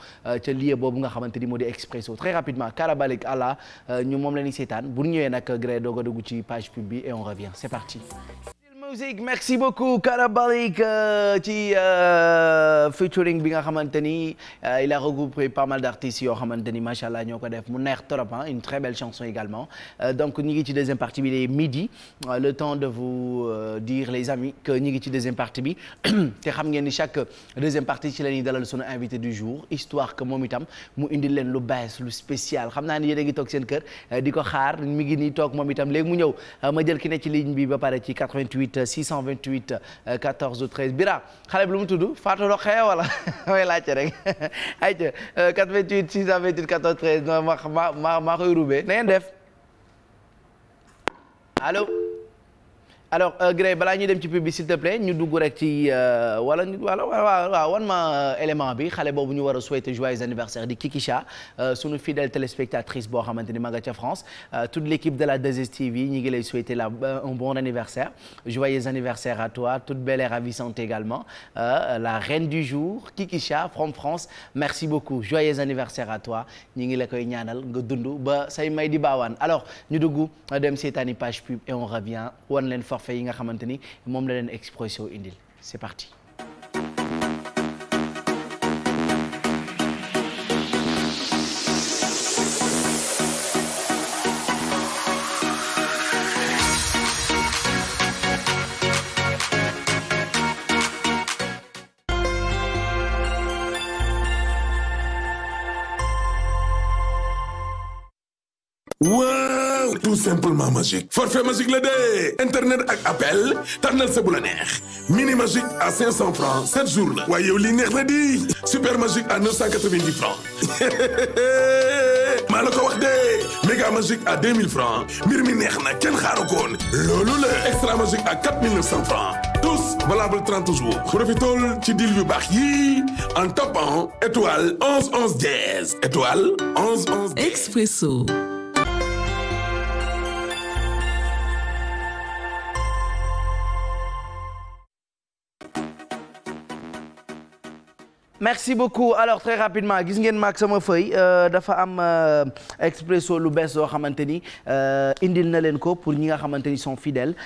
bu nga xamante ni moo di expresso très rapidement Karabalik Allah euh, ñu moom la ñuy seetaan bu ñëwee nag gré doog a dugg page pub bi et on revient c'est parti music merci beaucoup Kalabalik euh, ci euh, bi nga xamante ni euh, il a regroupé pas mal d' yoo xamante ni macha allah ñoo ko def mu neex trop ah une très belle chanson également donc ñu ngi ci deuxième partie bi les midi le temps de vous dire les amis que ñu ngi ci deuxième partie bi [clears throat] te xam ngeen ni chaque deuxième partie ci la ñuy dalal sunu invité du jour histoire que moom itam mu indi leen lu bees lu spécial xam naa ni yéen a ngi toog seen kër di ko xaar mi ngi nii toog moom itam léegi mu ñëw ma jël ki ne ci ligne bi ba pare ci 88. 628 14 13 Bira xale bi lu mu tudd Fatou Rokhaya wala [laughs] may laajte rek [laughs] ayca 88 628 14 13 ma ma ma koy rubee na ngeen def alors euh, Gré balaa ñuy dem ci pub bi s'il te plaît ñu dugg rek ci euh, wala wala waaw wan ma euh, élément bi xale boobu ñu war a souhaiter joyeux anniversaire di Kikisha sunu fidèle téléspectatrice boo xamante ni ma nga ca France toute l'équipe de la 2STV ñi ngi lay souhaiter la un bon anniversaire joyeux anniversaire à toi toute belle et ravissante également la reine du jour Kikisha from France merci beaucoup joyeux anniversaire à toi ñi ngi la koy ñaanal nga dund ba say may di baawaan alors ñu dugg dem seetaani et forfait yi nga xamante ni moom la leen Expresso indil c'est parti. tout simplement magique forfait magique la dee internet ak appel tànnal sa bu la neex mini magique à 500 francs 7 jours la waaye yow neex na di super magique à 990 francs [laughs] maa la ko wax de méga magique à francs mbir mi neex na kenn xaaru ko woon loolu la extra magique à 4900 francs tous valables 30 jours profitool ci deal yu baax yi en tapant étoile 11 11 10 étoile 11 11 10 Expresso merci beaucoup alors très rapidement gis ngeen maak sama feuille euh, dafa am euh, expresso lu bees yoo xamante ni euh, indil na leen ko pour ñi nga xamante ni sont fidèles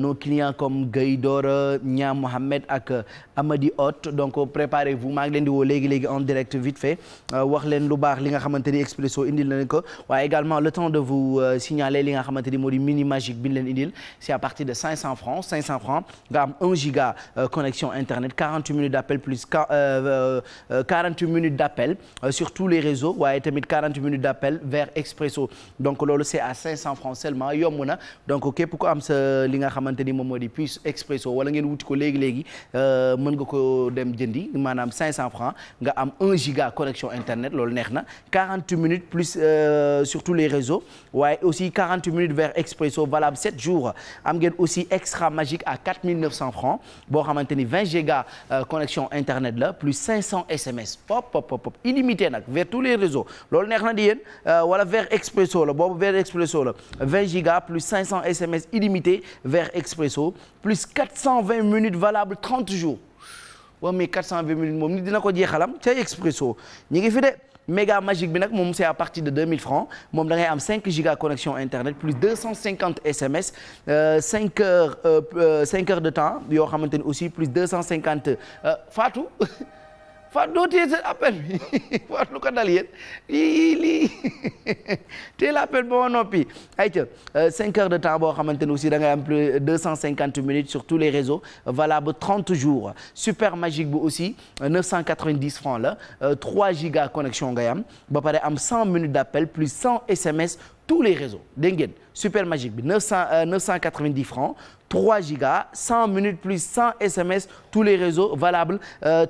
nos clients comme Guèye Dora Ña Mohamed ak Amadi Hott donc préparez-vous maa ngi leen di woo léegi léegi en direct vite fait wax leen lu baax li nga xamante ni expresso indil na leen ko waaye également le temps de vous signaler li nga xamante ni moo di mini magique bi ñu leen indil c'est à de 500 francs 500 francs nga am 1 giga connexion internet 48 euh, euh, minutes d'appel euh, sur tous les réseaux waaye tamit 48 minutes d'appel vers Expresso donc loolu c'est à francs seulement yomb na donc képp ko am sa li nga xamante ni moom Expresso wala ngeen wuti ko léegi léegi mën nga ko dem jëndi maanaam francs nga am giga connexion internet loolu neex na 48 minutes plus sur tous les réseaux waaye aussi 48 minutes vers Expresso valable 7 jours am ngeen aussi extra magique à francs boo xamante giga connexion internet la 500 SMS pop pop pop illimité nag vers tous les réseaux loolu neex na di yéen euh, wala vers Expresso la boobu vers Expresso la 20 plus SMS illimité vers Expresso plus minutes valable jours waaw mais dina ko jeexalam ca Expresso ñi ngi de. méga magique bi nag moom c'est à partir de 2000 francs moom da am 5 giga connexion internet plus 250 SMS euh, heures euh, euh, heures de temps yoo xamante ni aussi plus 250 euh, Fatou [laughs] Fat doo téye sa appel bi [laughs] Fat lu ko dal yéen lii [laughs] la appel ba noppi ayca euh, cinq heures de temps boo xamante ne aussi da ngay am plus cent cinquante minutes sur tous les réseaux valable trente jours super magique bu aussi neuf cent quatre-vingt-dix francs la euh, trois giga connexion ngay am ba pare am cent minutes d' appel plus cent SMS tous les réseaux dégg ngeen super magique bi 900 990 euh, francs 3 gigas 100 minutes plus 100 SMS tous les réseaux valables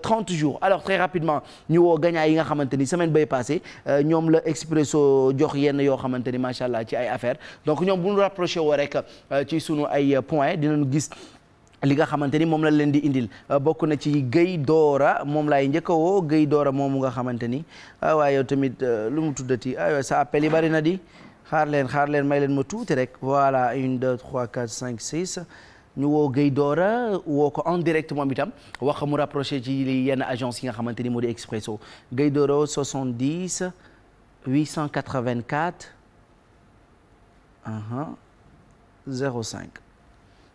30 euh, jours alors très rapidement ñu woo gagnant yi nga xamante ni semaine bay passé euh, ñoom la Expresso jox yenn yoo xamante ni macha allah ci ay affaires donc ñoom bu ñu rapproché woo rek ci sunu ay point dina dinañu gis. li nga xamante ni moom la leen di indil bokk na ci Guèye Dora moom laay njëkk a woo Guèye Dora moomu nga xamante ni ah, waaye yow tamit lu mu tuddati aywa ah, sa bari na di. xaar leen xaar leen may leen ma tuuti rek voilà une deux trois quatre cinq six ñu woo Guèye Dora woo ko en direct moom tam wax mu rapproché ci yenn agence yi nga xamante ni moo di Expresso gay Dora vingt 70 884 05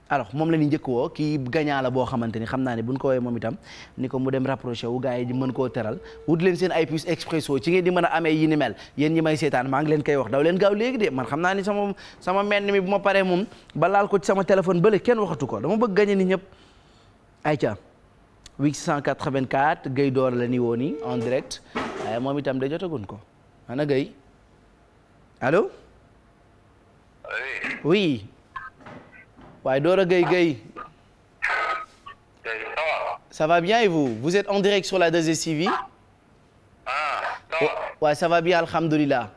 alors moom la ñuy njëkk woo kii gagnant la boo xamante ni xam naa bu buñ ko woowee moom itam ni ko mu dem rapproché wu gars yi mën koo teral wut leen seen ay puces expresso ci ngeen di mën a amee yi ni mel yéen ñi may seetaan maa ngi leen koy wax daw leen gaaw léegi de man xam naa ni sama sama menn mi bu ma paree moom ba laal ko ci sama téléphone bële kenn waxatu ko dama bëgg gagné ni ñëpp ay ca 884 Guèye Door la ni woo ni en direct waaye moom itam da jotagun ko ana Guèye waaye Doro ah. Gueye Gueye ça va bien et vous vous êtes en direct sur la 2STV waaye ah, ça va bien alhamdulilah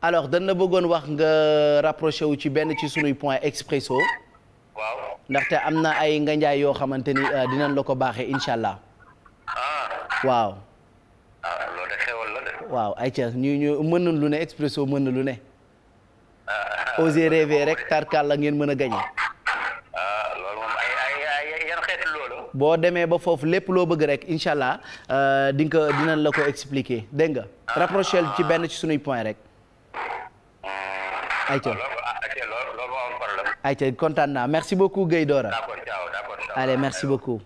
alors dañ la bëggoon wax nga rapproché wu ci benn ci sunuy point expresso ndaxte am na ay nganjaay yoo xamante ni euh, dinañ la ko baaxee incha allah ah. waaw waaw ay ca ñu ñu mën nañ lu ne expresso mën na lu ne osez rêver rek tarkal la ngeen mën a gañe ah, boo demee ba foofu lépp loo bëgg rek incha allah euh, di nga dinañ la ko expliquer dégg nga ah. rapproché ci benn ci sunuy point rek. Hmm. Ah, ayca ayca kontaan naa merci beaucoup Guèye Dora. merci beaucoup.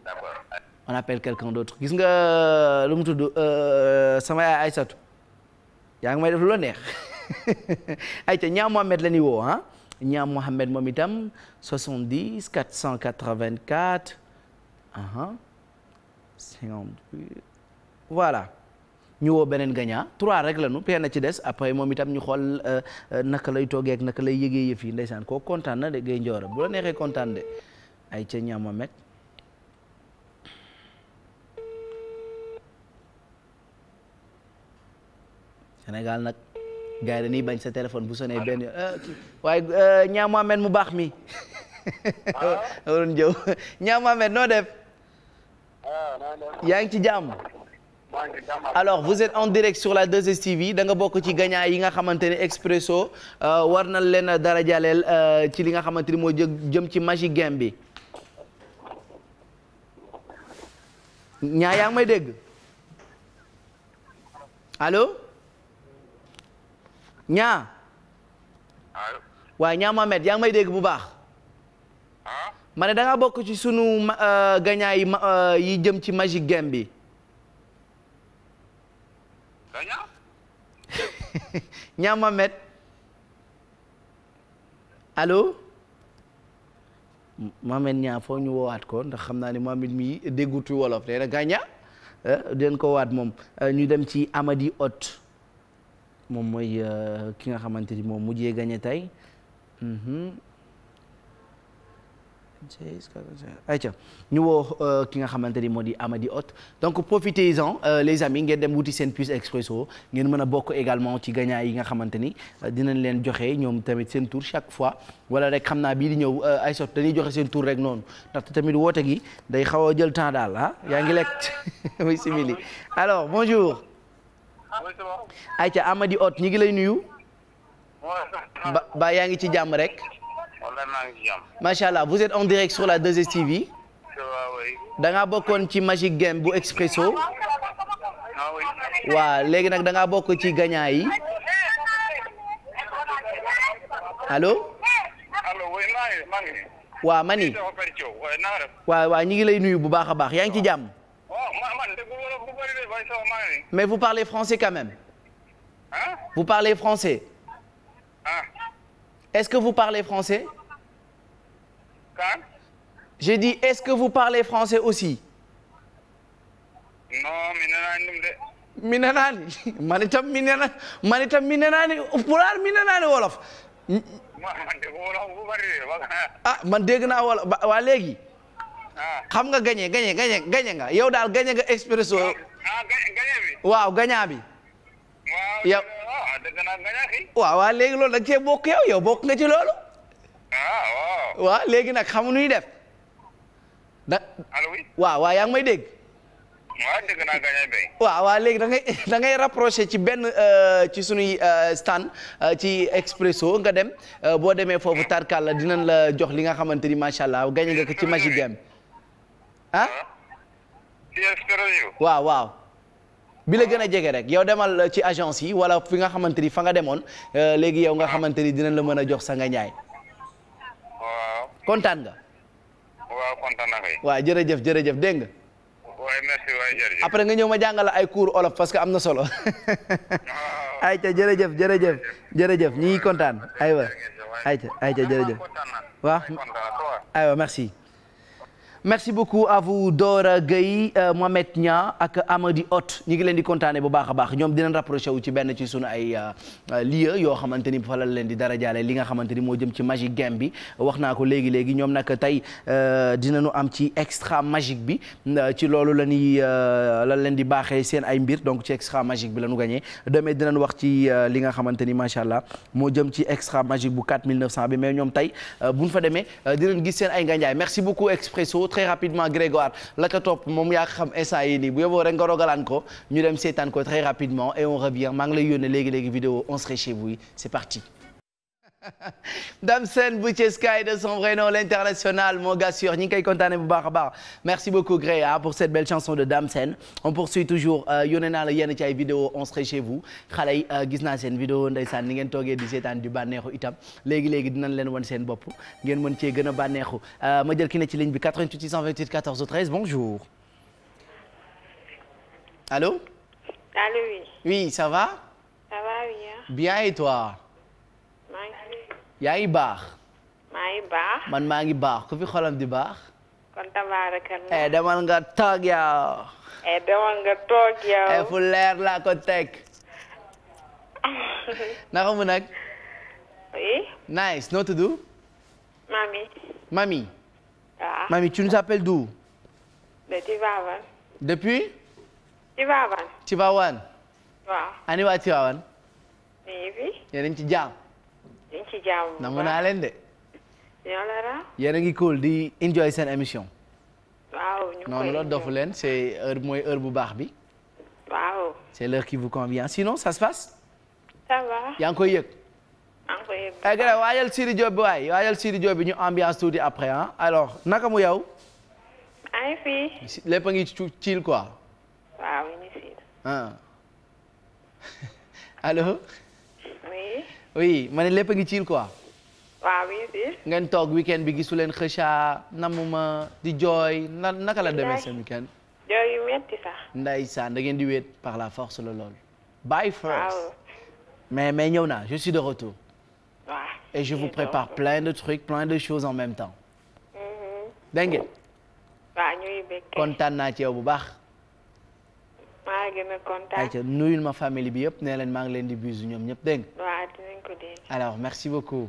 on appelle quelqu'un d'autre gis nga euh, lu mu tudd euh, sama yaay Aïssatou yaa ngi may def lu neex. [laughs] ayca [laughs] ñaa Mohamed la ñuy woo ah ñaa Mohamed moom itam 70 484 aha 58 voilà ñu woo beneen gagnant 3 rek la ñu peena ci des après moom itam ñu xool euh, euh, naka lay toogee ak naka lay yëgee fii yi ndeysaan koo kontaan na de gay njoora bu neexee kontaan de ayca ñaa Mohamed Sénégal nag gars yi dañuy bañ sa téléphone bu sonné ah. benn yoon euh, waaye ñaa euh, Mohamed mu baax mi waroon jëw ñaa Mohamed ah, noo def yaa ngi ci jàmm alors vous êtes en direct sur la 2STV da nga bokk ci gagnant yi nga xamante ne Expresso euh, war na leen dara jaleel ci li nga xamante ni moo jë jëm ci Magic Game bi ñaa yaa ngi may dégg allo ñaa waa ñaa Mohamed yaa may dégg bu baax ah. ma ne da nga bokk ci sunu euh, gañaay euh, yi jëm ci Magic Game bi ñaa [laughs] Mohamed allo Mohamed ñaa foo ñu woowaat ko ndax xam naa ne Mohamed mi déggutu wolof nee na gàñña euh, den ko waat moom ñu dem ci Amady ot moom mooy euh, ki nga xamante ni moom mujjee gagné tey mhm. ayca ñu woo euh, ki nga xamante ni moo di Amady Hott donc profitez-en euh, les amis ngeen dem wuti seen puce expresso ngeen mën a bokk également ci gagnant yi nga xamante ni dinañ leen joxe ñoom tamit seen tour chaque fois wala rek xam naa bii di ñëw ay sot dañuy joxe seen tour rek noonu ndaxte tamit woote gi day xaw a jël temps daal ah yaa ngi lekk [laughs] oui simili alors bonjour. ayca Amady Hott ñi ngi lay nuyu. ba ba yaa ngi ci jàmm rek. macha allah vous êtes en direct sur la 2STV. da ngaa bokkoon ci Magic Game bu Expresso. Ah, waa léegi nag da bokk ci gagnant yi. alo waaw mani. waaw waa ñi ngi lay nuyu bu baax a baax yaa ngi ci jàmm. mais vous parlez français quand même. Hein? vous parlez français. ah. est-ce que vous parlez français. quand. j'ai dit est-ce que vous parlez français aussi. non mi nanaani dum de. mi nanaani man itam mi nana man itam mi nanaani pulaar mi nanaani wolof. ah man dégg naa wolof waa léegi. Ah. xam nga gagné gagné gagné gagné nga yow daal gagné nga expresso. Ah, waaw gañaa bi. yow ah, waaw waaw léegi loolu da cee bokk yow yow bokk nga ci loolu. Ah, waaw léegi nag xamu nuy def. da waaw waaw yaa ngi may dégg. waaw dégg naa gañaa bi. waaw waaw léegi da ngay [laughs] da ngay rapproché ci benn euh, ci sunuy euh, stand euh, ci expresso nga dem boo demee foofu hmm. tarkal la dinañ la jox li nga xamante ni macha allah gañe nga ko ci Magic Game hmm. ah. waaw waaw. bi la gën a jege rek yow demal ci agence yi wala fi nga xamante ni fa nga demoon euh, léegi yow nga xamante ni dinañ la mën a jox sa nga ñaay. kontaan nga. waaw jërëjëf jërëjëf dégg nga. après nga ñëw ma jàngale ay cours olof parce que am na solo. waaw [laughs] ayca ah. jërëjëf jërëjëf. jërëjëf ñi kontaan ay ayca ayca jërëjëf. waaw merci. merci beaucoup door vous Dora Gueye euh, Mohamed Nia ak Amady Hott ñu ngi leen di kontaane bu baax a baax ñoom dinañ rapproché wu ci benn ci sunu ay euh, euh, lieu yoo xamante ni falal leen di dara jaale li nga xamante ni moo jëm ci Magic Game bi wax naa ko léegi léegi ñoom nag tey dinañu am ci extra magique bi ci loolu la ñuy lan leen di baaxee seen ay mbir donc ci extra magique bi la ñu gagné demee dinañ wax ci li nga xamante ni macha allah moo jëm ci extra magique bu 4900 bi mais ñoom tey bu fa demee dinañ gis seen ay nganjaay merci beaucoup Expresso très rapidement Grégoire la ca topp moom yaa xam instant yi nii bu yóbboo rek nga rogalaan ko ñu dem seetaan ko très rapidement et on revient maa ngi lay yónnee léegi léegi vidéo on serait chez vous c'est parti Dame Sène bu de son vrai nom l'international mon gars sûr ñi ngi koy kontaane bu a baax merci beaucoup Gréa pour cette belle chanson de Dame on poursuit toujours euh, yónnee naa la yenn ci ay vidéo on serait chez vous xale yi euh, vidéo ndeysaan ni ngeen toogee di seetaan di bànneexu itam léegi-léegi dinañ leen wan seen bopp ngeen mën cee gën a bànneexu euh, ma jël ki ne ci ligne bi 88 628 14 13 bonjour allô allô sava oui ça bien bien toi yaa baax. maa baax. man maa ngi baax ku fi xolam di baax. kon tabaarakalla. eh demal nga toog yow. eh demal nga toog yow. eh fu laa ko teg. [laughs] mu nag. oui. nice noo tudd. mami. mami. Ah. mami tu nous appelles d'où. de Tivaouane. depuis. Tivaouane. Tivaouane. waaw. ani waa Tivaouane. nii bi. yéen a ci jàmm. ñu ngi ci jàmm na mu naa leen de. a ngi cool di enjoy seen émission. waaw ñu koy noonu la dofu leen c' est heure mooy heure bu baax bi. waaw. c' est l'heure qui sinon ça se passe. ça va. yaa ngi koy yëg. yaa ngi koy yëg bu eh, baax waajal Sidi Diop bi waay waajal Sidi Diop bi ñu ambiance tuuti après ah alors naka mu yow. maa ngi fi. a ngi ci ciil quoi. waaw ñu ngi fi. Ah. [laughs] oui ma ne lépp a ngi ciil quoi. waaw mi ngi si. ngeen toog weekend bi gisu leen xëcca namuma di jooy na naka la demee seen weekend. jooy yu metti sax. ndeysaan da ngeen di wéet par la force la lool. bye first. mais mais ñëw na je suis de retour. waaw et je vous prépare plein de trucs plein de choses en même temps. Mm-hmm. dégg ngeen. waaw ñuy békk. kontaan naa ci yow bu baax. maa gën a kontaan. ayca nuyul ma famille bi leen maa ngi leen di bisu ñoom ñëpp dégg Alors, merci beaucoup.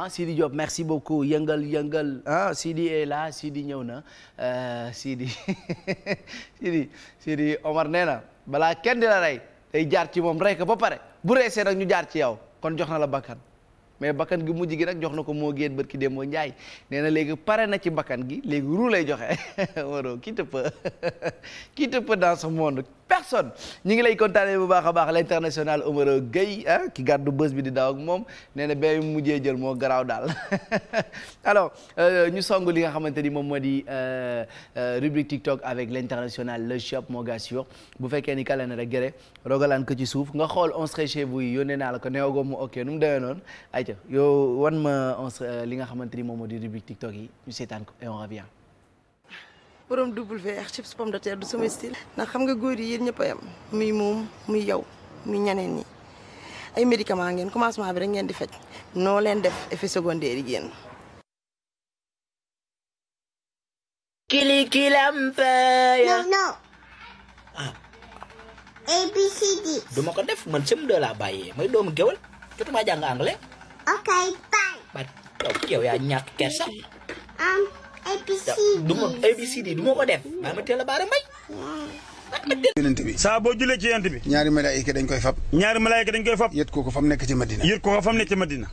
ah Sidi Diop merci beaucoup yëngal yëngal ah Sidi est là ñëw na euh, Sidi [laughs] Sidi Sidi Omar nee na balaa kenn di la rey day jaar ci moom rey ba pare bu reesee nag ñu jaar ci yow kon jox na la bakkan mais bakkan gi mujj gi rek jox na ko moo géet bët ki dem moo njaay nee na léegi pare na ci bakkan gi léegi ruu lay joxe [laughs] waro kii te kii [laughs] qui te peut dans ce monde personne ñi ngi lay kontaane bu baax a baax l' international Omaro Gueye ah ki gàddu bës bi di daaw ak moom nee na bee mujjee jël moo garaaw daal [laughs] alors euh, ñu song li nga xamante ni moom moo di euh, euh, rubrique TikTok avec l' international le shop moo gas sur bu fekkee ni kale na rek gërë rogalaan ko ci suuf nga xool on serait yónnee naa la ko néew googu mu noonu ayca wan ma euh, li nga xamante ni moom moo di TikTok yi ñu seetaan ko et on revient. borom WR chips pomme de terre du sama style. ndax xam nga góor yi yéen ñëpp muy moom mu yow muy ñeneen ñi ay médicaments ngeen commencement bi rek ngeen di faj noo leen def effet secondaire yi génn. kilikilam feeya. ABCD. du ma ko def man sem de la bàyyee may doomu géwal jotuma jàng anglais. Okay, fine. ma toog yow yaa ñàkk kersa. am ABCD. du ma ABCD def. maa ma a baara mbay. yonent bi saa boo julee ci yonent bi ñaari malaayika dañ koy fab ñaari malaayika dañ koy fab yët ko ko fam nekk ci madina yët ko ko fam nekk ci madina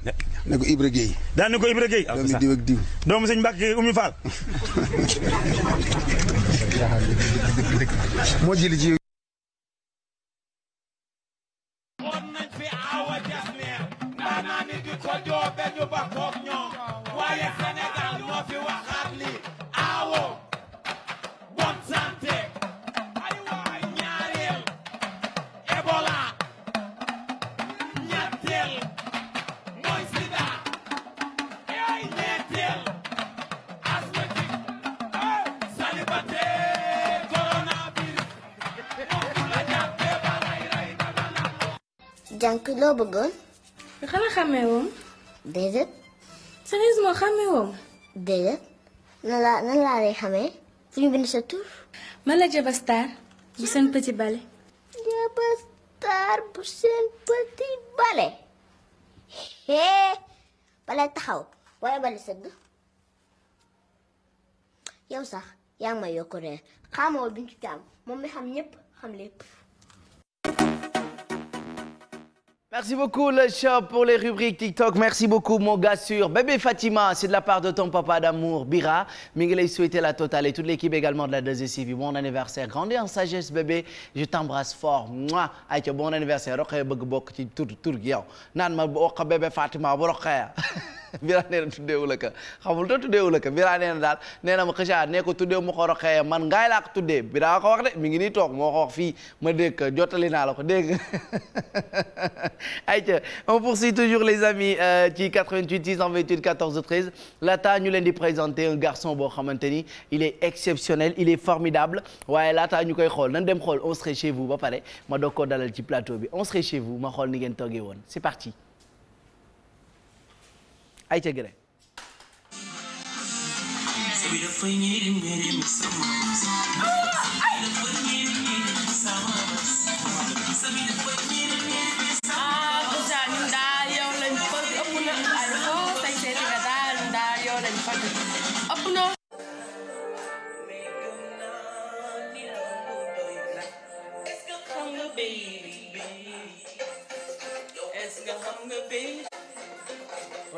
ne ko Ibra Gueye daan ne ko Ibra Gueye doomu diw ak diw doomu sëñ moo jëli ci bakkook ñoom waaye Sénégal ñoo fi waxaat li aawo bonne santé ay waay ñaareel Ebola ñetteel mooy sida ay ñetteel asthmatique salibaté coronavirus moom la jàppee ba lay rey ba nga naan jànk loo bëggoon xanaa déedéet. sérieusement xamee woo ma. déedéet. nan laa nan laa lay xamee. fu ñu sa tur. man la Jaba Star bu seen petit balai. Jaba Star bu seen petit balai. hee balay taxaw waaye bali sëgg yow sax yaa ngi may yokk reer xamoo bintu taam moom mi xam ñépp xam lépp. Merci beaucoup le shop pour les rubriques TikTok merci beaucoup mon gars sur bébé Fatima c'est de la part de ton papa d'amour Bira mi ngi lay souhaiter la totale et toute l'équipe également de la 2STV bon anniversaire grandis en sagesse bébé je t'embrasse fort moi ayca bon anniversaire Rokhaya bëgg bokk ci tur tur gi yow naan ma bokk bébé Fatima bu [laughs] bira nee na tuddeewu la ka xamul te tuddeewu la ka bira nee na daal nee na ma xëcaa nee ko tuddeew ma man ngaay laa ko tuddee bira ko wax de mi ngi nii toog moo ko wax fii ma dégg jottali naa la ko dégg ayca [laughs] on poursuit toujours les amis euh, ci 88 628 14 13 laata ñu leen di présenter un garçon boo xamante ni il est exceptionnel il est formidable waaye laata ñu koy xool nan dem xool on serait chez vous ba pare ma doog koo dalal ci plateau bi on serait chez vous ma xool ni ngeen toogee woon c'est parti ay ca gëre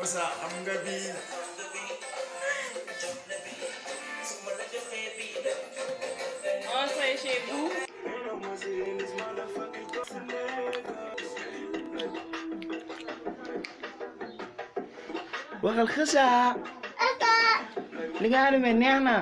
Moussa xam nga bii waxal xësa li nga xam ne neex na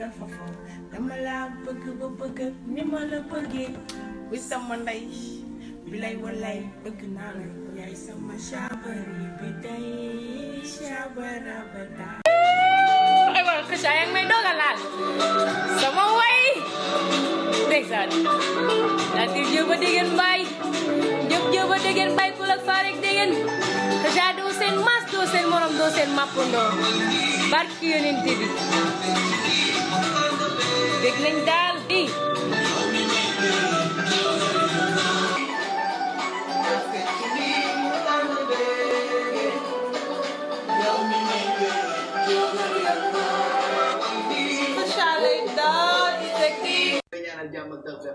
dafa foog dama laa bëgg ba bëgg ni ma la bëggee bu sama ndey bilay walay bëgg naa la yaay sama caabar yi bi tey caabar abadaa ay wala Kheucha yaa ngi may doog a laal sama way ndeysaan daa di jëba dégeen mbaay jëb jëba dégeen mbaay ku la faarek dégeen Kheucha doo seen maas doo seen morom doo seen màppandoo barki yonente bi bég nañ daal di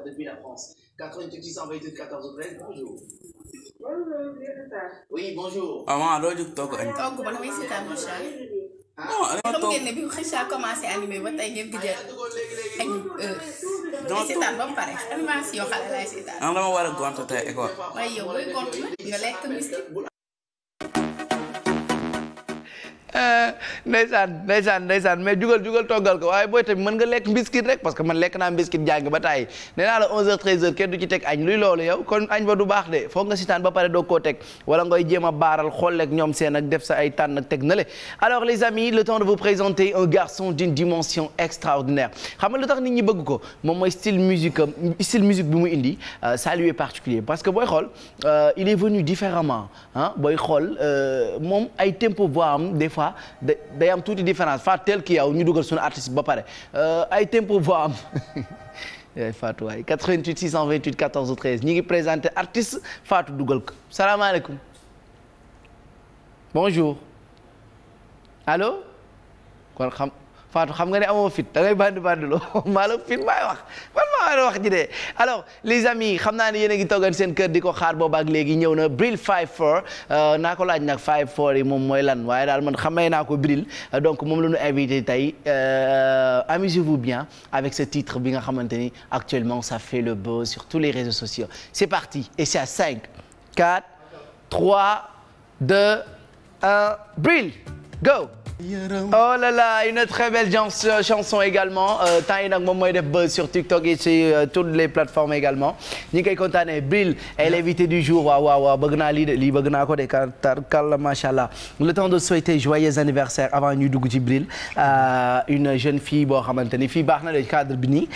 depuis la France. 88 122 14 13, bonjour. Bonjour, Oui, bonjour. Avant, alors, je ah dama toog xam bi Kheucha commencé animé ba tey ngeen gëj a añ heure. dama seetaan pare animation xale laay seetaan. Ah, dama war a gont tey école. waaye yow booy gont nag nga lekk mystique. [laughs] ndeysaan ndeysaan ndeysaan mais jugal jugal toggal ko waaye booy tamit mën nga lekk biscuit rek parce que man lekk naa biscuit jàng ba tàyyi nee naa la 11h 13 du ci teg añ luy loolu yow kon añ ba du baax de foog nga sitaan ba pare doo koo teg wala ngoy jéem a baaral xoolleeg ñoom seen ak def sa ay tànn ak teg na le alors les amis le temps de vous présenter un garçon d'une dimension extraordinaire xam nga lu tax nit ñi bëgg ko moom euh, que booy xool euh, il est venu différemment ah booy xool euh, ay tempo voix fois day am tuuti différence fa tel ki yow ñu dugal suñu artiste ba pare euh, ay tempo voix am [laughs] yaay Fatou waay 88 628 14 13 ñi ngi présenté artiste Fatou dugal ko salaamaaleykum bonjour allo Fatou xam nga ne amoo fit da ngay bandi bandi [laughs] fit maay wax man a wax ji de les amis xam naa ne yéen a ngi toogan seen kër di ko xaar boobaak léegi ñëw na Bril 54 euh, naa ko laaj nag 54 yi moom mooy lan waaye daal man xamee naa ko Bril euh, donc moom la ñu invité tey euh, amusez-vous bien avec ce titre bi nga xamante ni actuellement ça fait le buzz sur tous les réseaux sociaux c'est parti et c'est à Bril go oh là là une très belle chanson également euh, temps yi nag moom mooy def buzz sur TikTok et sur euh, toutes les plateformes également ñi ngi koy kontaanee Bril et l'invité du jour waaw waaw waaw bëgg naa lii de lii bëgg naa ko de kàlla macha allah le temps de souhaiter joyeux anniversaire avant ñuy dugg ci Bril euh, une jeune fille boo xamante ni fii baax na le cadre bi nii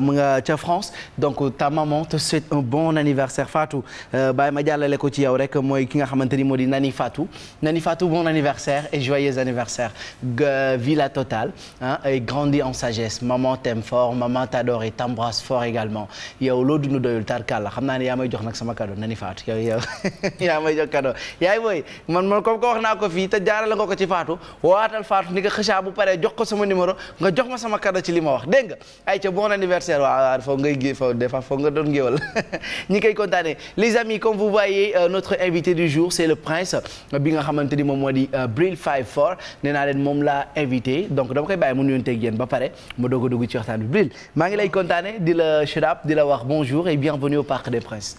mu nga ca France donc ta maman te souhaite un bon anniversaire Fatou bàyyi ma jàllale ko ci yow rek mooy ki nga xamante ni moo di Nani Fatou Nani Fatou bon anniversaire et joyeux anniversaire anniversaire Villa Total ah et grandit en sagesse maman t'aime fort maman t'adore et t'embrasse fort également yow loo dund doyul tarkalla xam naa ne yaa may jox nag sama cadeau nani faatu yow yow [laughs] yaa may jox cadeau yaay booy man man comme ko wax naa ko fii te jaarale nga ko ci faatu waatal faatu ni nga xëcaa bu paree jox ko sama numéro nga jox ma sama cadeau ci li wax dégg ay ca bon anniversaire waaw foog ngay gé foog des foog nga doon géwal [laughs] ñi koy kontaane les amis comme vous voyez euh, notre invité Senghor nee naa leen moom laa invité donc dama koy bàyyi mu nuyoon teeg yéen ba pare ma doog a dugg ci waxtaan bi Bril maa ngi lay kontaane di la Chirap di la wax bonjour et bienvenue au Parc des Princes.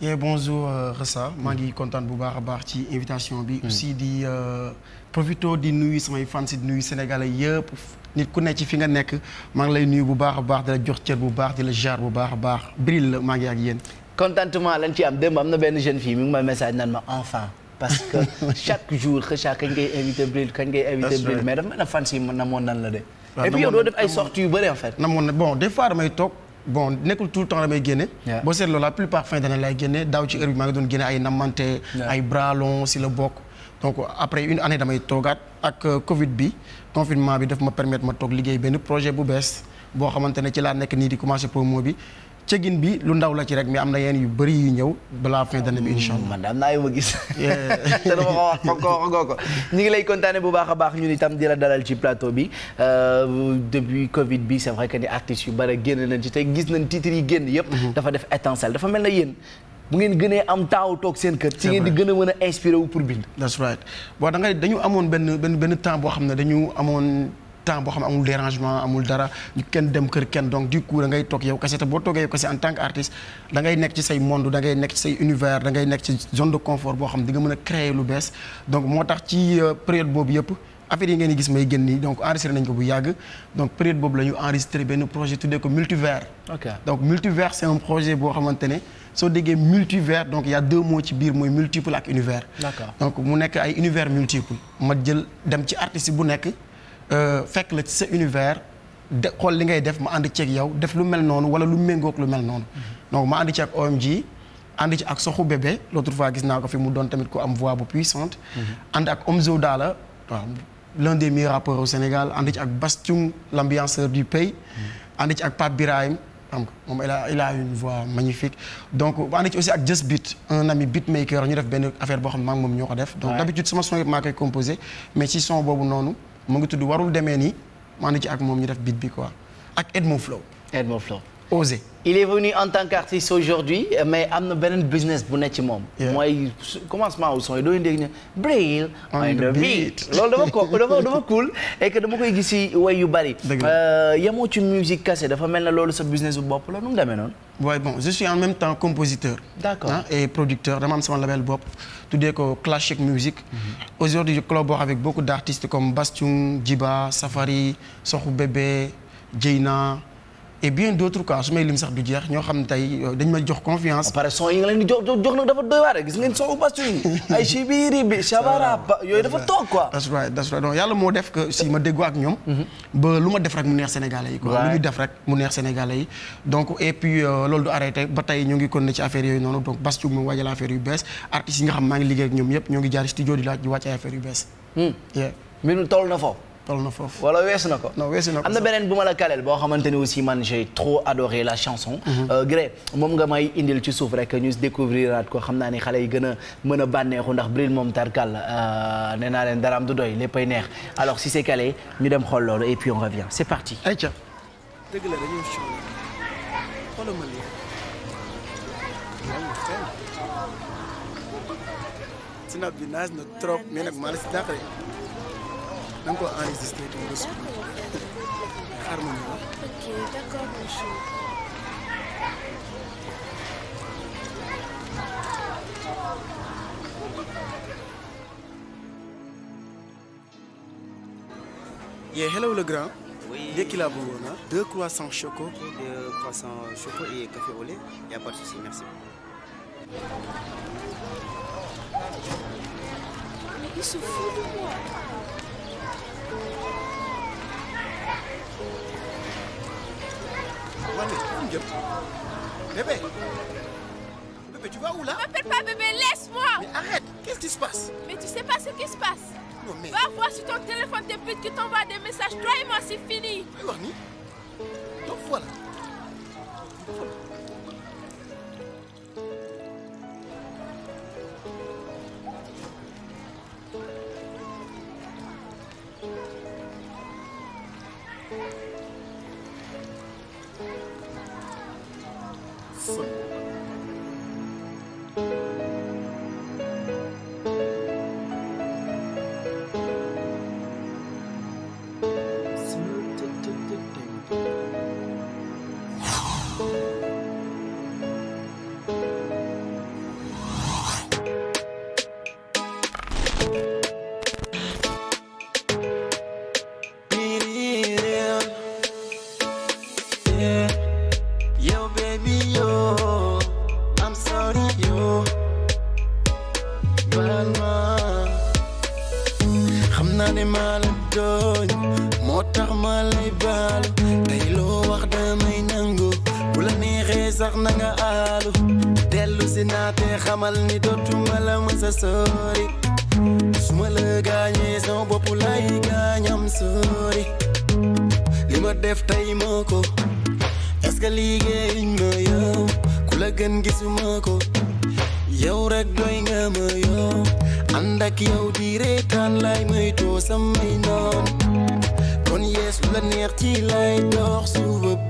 yee bonjour euh, Ressa maa ngi kontaan bu baax a baax ci invitation bi. Hmm. aussi di euh, profito di nuyu samay fans di nuyu sénégalais yëpp. nit ku ne ci fi nga nekk maa ngi lay nuyu bu baax a baax di jox cër bu baax di la jaar bu baax baax Bril la maa ngi ak yéen. contentement lañ ci am démb am na benn jeune fii mi ngi ma message nan ma enfin parce que [laughs] chaque jour xëcca kañ ngay invité Bril kañ ngay invité Bril mais dafa mel ne fan si namoon nan la de. et puis yow doo def ay sorties yu bëri en fait. namoon na bon des fois damay toog bon nekkul tout le temps damay génne. boo seetloo la plupart fin d'année lay génne daaw ci heure bi maa ngi doon génne ay namante. ay bras si la bokk. donc après une année damay toogaat ak euh, Covid bi confinement bi daf ma permettre ma toog liggéey benn projet bu bees boo xamante ne ci laa nekk nii di commencer promo bi. cëgin bi lu ndaw la ci rek mais am na yenn yu bëri yu ñëw balaa fin d'année bi incha allah. man daal naa yu ma gis [laughs] te dama ko wax ko ko ko ñu ngi lay kontaane bu baax a baax ñun itam di la dalal ci plateau bi euh, depuis Covid bi c'est vrai que ni artistes yu bëri génn nañ ci te gis nañ titres yi génn yëpp. Mm-hmm. dafa def étincelle dafa mel na yéen. bu ngeen gënee am taaw toog seen kër. ci ngeen di gën a mën a inspiré wu pour bind. that's right waaw da ngay dañu amoon benn benn benn temps boo xam ne dañu amoon. boo xam amul dérangement amul dara kenn dem kër kenn donc du coup da ngay toog yow kese boo toogee yow kese en tant que artiste boo xam di nga mën a créer lu bees donc moo tax ci euh, période boobu yëpp affaire yi ngeen gis may génn nii donc enregistré nañ ko bu yàgg donc période boobu la ñu benn projet tuddee ko multivers. donc multivers c' projet boo xamante ne soo déggee multivers donc y' a ci biir mooy multiple ak univers. Euh, fekk la ci sa univers de xool li ngay def ma ànd yow def lu mel noonu wala lu méngoog lu mel noonu mm-hmm. donc ma ànd ci ak OMG ànd ci ak Soxu Bébé l'autre fois gis naa ko fi mu doon tamit ku am voix bu puissante mm-hmm. ànd ak Omzo Dollar waaw l'un des meilleurs rappeurs au Sénégal ànd ci ak Bastoum l'ambianceur du pays mm-hmm. ànd ci ak Pape Birahim xam nga moom il a il a une voix magnifique donc ànd ci ak Just Beat un ami beatmaker ñu def benn affaire boo xam ne moom ñoo ko def donc d'habitude sama son yëpp maa koy composé mais ci son boobu noonu mu ngi tudd warul demee ni ma ci ak moom ñu def beat bi quoi ak Edmo Flow. Edmo Flow osé. il est venu en tant qu'artiste aujourd'hui mais am na beneen business bu ne ci moom. mooy commencement au son yi dooñu dégg ne Bril on the beat loolu dafa ko dafa dafa cool et que dama koy gis ci way yu bari. Euh, yemoo ci musique kase dafa mel ne loolu sa business bu bopp la nu mu demee noonu. waaye bon je suis en même temps compositeur. d'accord hein, ah, et producteur dama am sama label bopp. tuddee ko Classic Music. Mm-hmm. aujourd'hui je collabore avec beaucoup d'artistes comme Bastoun Djiba Safari Sokhou Bébé Dieyna. et bien d'autres cas su may lim sax du jeex ñoo xam ne tey euh, dañ ma jox confiance. ba pare son yi nga leen di jox nag dafa doy waar gis ngeen son Bassirou [laughs] ay Chibiri yàlla moo def que si ma déggoo ak ñoom. Mhm. ba lu def rek mu neex sénégalais yi. quoi lu ñu def rek mu neex sénégalais yi. donc et puis euh, loolu du arrêté ba tey ñu ngi continuer ci affaire yooyu noonu donc Bassirou mu waajal affaire yu bees artistes yi nga xam maa ngi liggéey ak ñoom yëpp ñoo ngi jaar studio di laaj di wàcc ay affaire yu bees. Hmm. mbir mi toll na foofu. toll na wala weesu na ko non am na beneen bu ma kaleel boo xamante ni aussi man j'ai trop adoré la chanson mhm. euh, gré moom nga may indil ci suuf rek ñu découvrir at ko xam naa ni xale yi gën a mën a bànneexu ndax bril moom tarkal euh, nee naa leen daraam du doy léppay neex alors si c'est calé ñu dem xool loolu et puis on revient c'est parti da nga ko enregistré di nga suivre xaar ma ñëw. ok d'accord monsieur. Yeah, hello le grand. Oui. Dès qu'il a bon, on a ah. deux croissants choco. Deux croissants choco et café au lait. Il n'y a pas de souci, merci. Mais il se fout de moi. Wanné, on jump. Bébé Bébé, tu vas où là Ne m'appelle pas bébé, laisse-moi Mais arrête Qu'est-ce qui se passe Mais tu sais pas ce qui se passe Non mais... Va voir sur fini Mais Warni, t'en voilà. naa ne maa la tooñ moo tax ma lay baalu tey loo wax damay nangu bu la neexee sax na nga aalu dellu si naa xamal ni dootuma la mës a su ma la gaañee sama gaañam sori li ma def tey moo ko est-ce que liggéeyuñ ma yow ku la gën gisuma ko yow rek doy nga ma yow ànd ak yow di reetaan lay moytoo samay noon kon yees lu la neex ci lay dox suba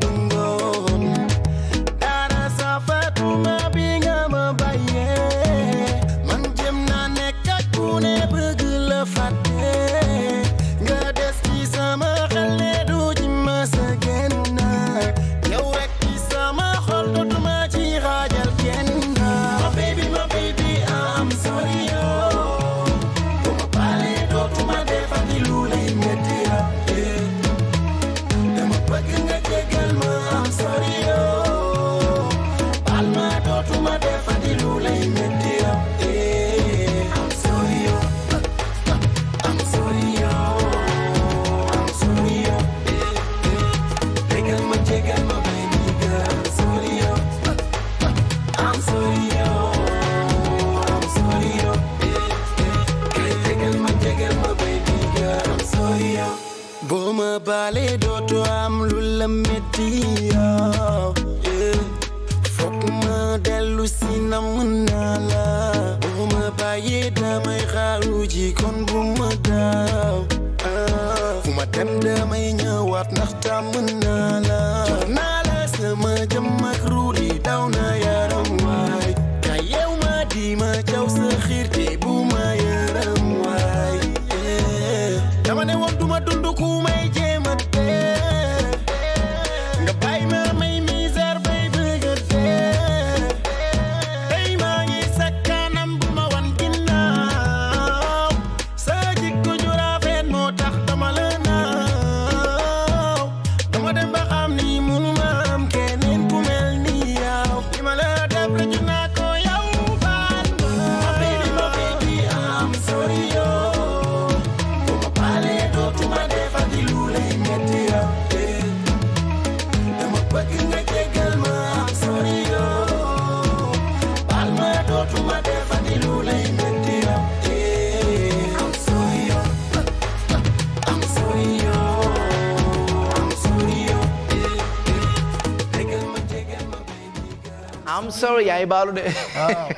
loolu yaay baalu de.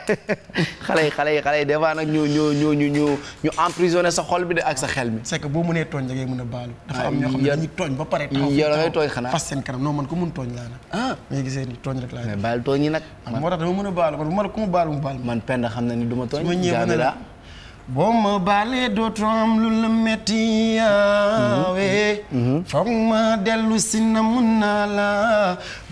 [laughs] xale yi xale yi xale yi nag ñu ñu ñu ñu ñu ñu emprisonné sa xol bi de ak sa xel mi. c'est que boo mënee tooñ da ngay mën a baalu. dafa am ñoo xam ne dañuy tooñ ba pare. taxaw yow da ngay tooñ xanaa fas seen kanam non man ku mun tooñ laa nag. ah mais gisee ni tooñ rek laa nag. baal tooñ nag. moo tax dama mën a baalu man bu ma la ku mu baalu mu baal. man Penda xam na ni du tooñ. su ma ñëwee boo ma baalee dootoo am lu la metti yaawe mhm. ma dellu si na mun naa la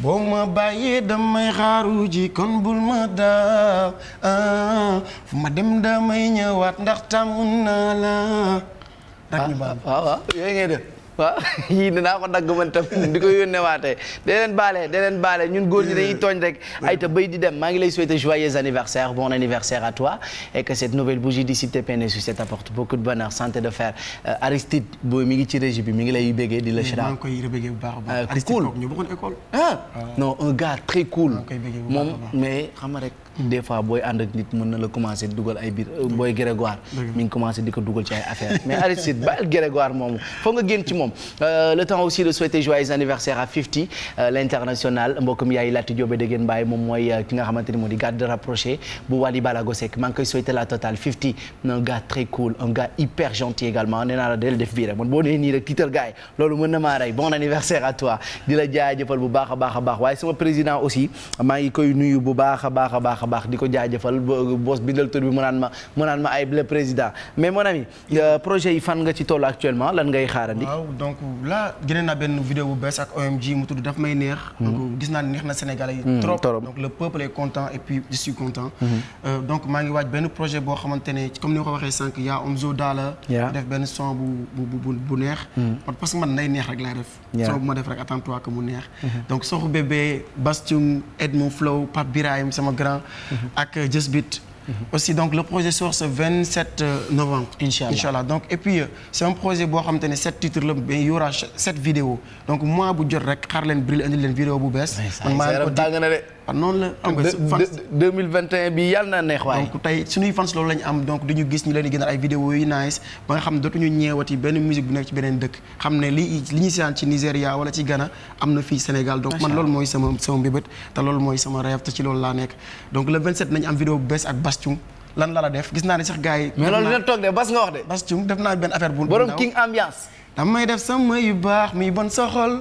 boo ma bàyyee damay xaaru ji kon bul ma daaw ah, fu ma dem damay ñëwaat ndax tàmm naa la. Ah, ah, ah waaw waaw yooyu ngay waaw [laughs] yii dinaa ko dagg man tam [laughs] di ko yónneewaatee dee leen baale dee leen baale ñun góor ñi dañuy tooñ rek ayta bay di dem maa ngi lay souhaiter joyeux anniversaire bon anniversaire à toi et que cette nouvelle bougie d'ici tes peines et succès t'apporte beaucoup de bonheur santé de fer euh, Aristide mi ngi ci régie bi mi ngi lay béggee di la chira maa ngi koy béggee bu baax a baax euh, Aristide ñu bokkoon ah! euh. un gars très cool moom mais xam rek des fois booy ànd euh, Grégoire mi [laughs] nga génn ci moom euh, le temps aussi de souhaiter joyeux anniversaire à Fifty euh, l'international mbokkum yaay Laty Diop dégeen mbaay moom mooy ki nga xamante ni di garde rapproché bu Wally Ballago Seck maa ngi koy souhaiter la totale Fifty un gars très cool un gars hyper gentil également nee la del def bii rek boo nee nii rek tiital gars loolu mën na maa rey bon anniversaire à toi di la jaajëfal bu baax a baax a baax waaye sama président baax di ko jaajëfal boos bindal tur bi mu naan ma mu naan ma ayib le président mais mon ami euh, projet yi fan nga ci toll actuellement lan ngay di waaw donc là génne naa benn vidéo bu bees ak OMG mu tudd daf may neex. Mhm. donc gis naa neex na Sénégalais yi. Mhm, trop donc le peuple est content et puis je suis mhm. euh, donc maa ngi waaj benn projet boo xamante ne comme ni ma ko waxee sànq yaa Omzo Dollar. def benn son bu bu bu neex. parce que man nay neex rek laa soo bu ma def rek attends-toi que mu neex mm-hmm. donc soxu bébé Bastium Edmond Flow Pape Birahim sama grand mm-hmm. ak euh, Just Beat mm-hmm. aussi donc le projet sort vingt 27 euh, novembre inchallah inchallah donc et puis euh, c'est un projet boo xamante ne sept titres la mais y aura sept donc mois bu jot rek xaar leen bril indi leen vidéo bu bees man maa ngi ko waaw ah, noonu la. am nga fans 2021 bi yàlla na neex waaye. donc tey suñuy fans loolu la ñu am donc dañu gis ñu leen di ay vidéo yu nice ba nga xam dootuñu ñeewati benn musique bu nekk ci beneen dëkk xam ne li li ñu seetaan ci Nigéria wala ci Ghana am na fii Sénégal donc man loolu mooy sama sama mbébét te loolu sama rêve loolu laa nekk donc le 27 nañu am vidéo bu bees ak Bastoum lan la la def gis naa ne sax gars yi. mais loolu dina toog de bas nga wax de. Bastoum def naa benn affaire bu borom King Ambiance. damay def sama yu baax muy bon soxol.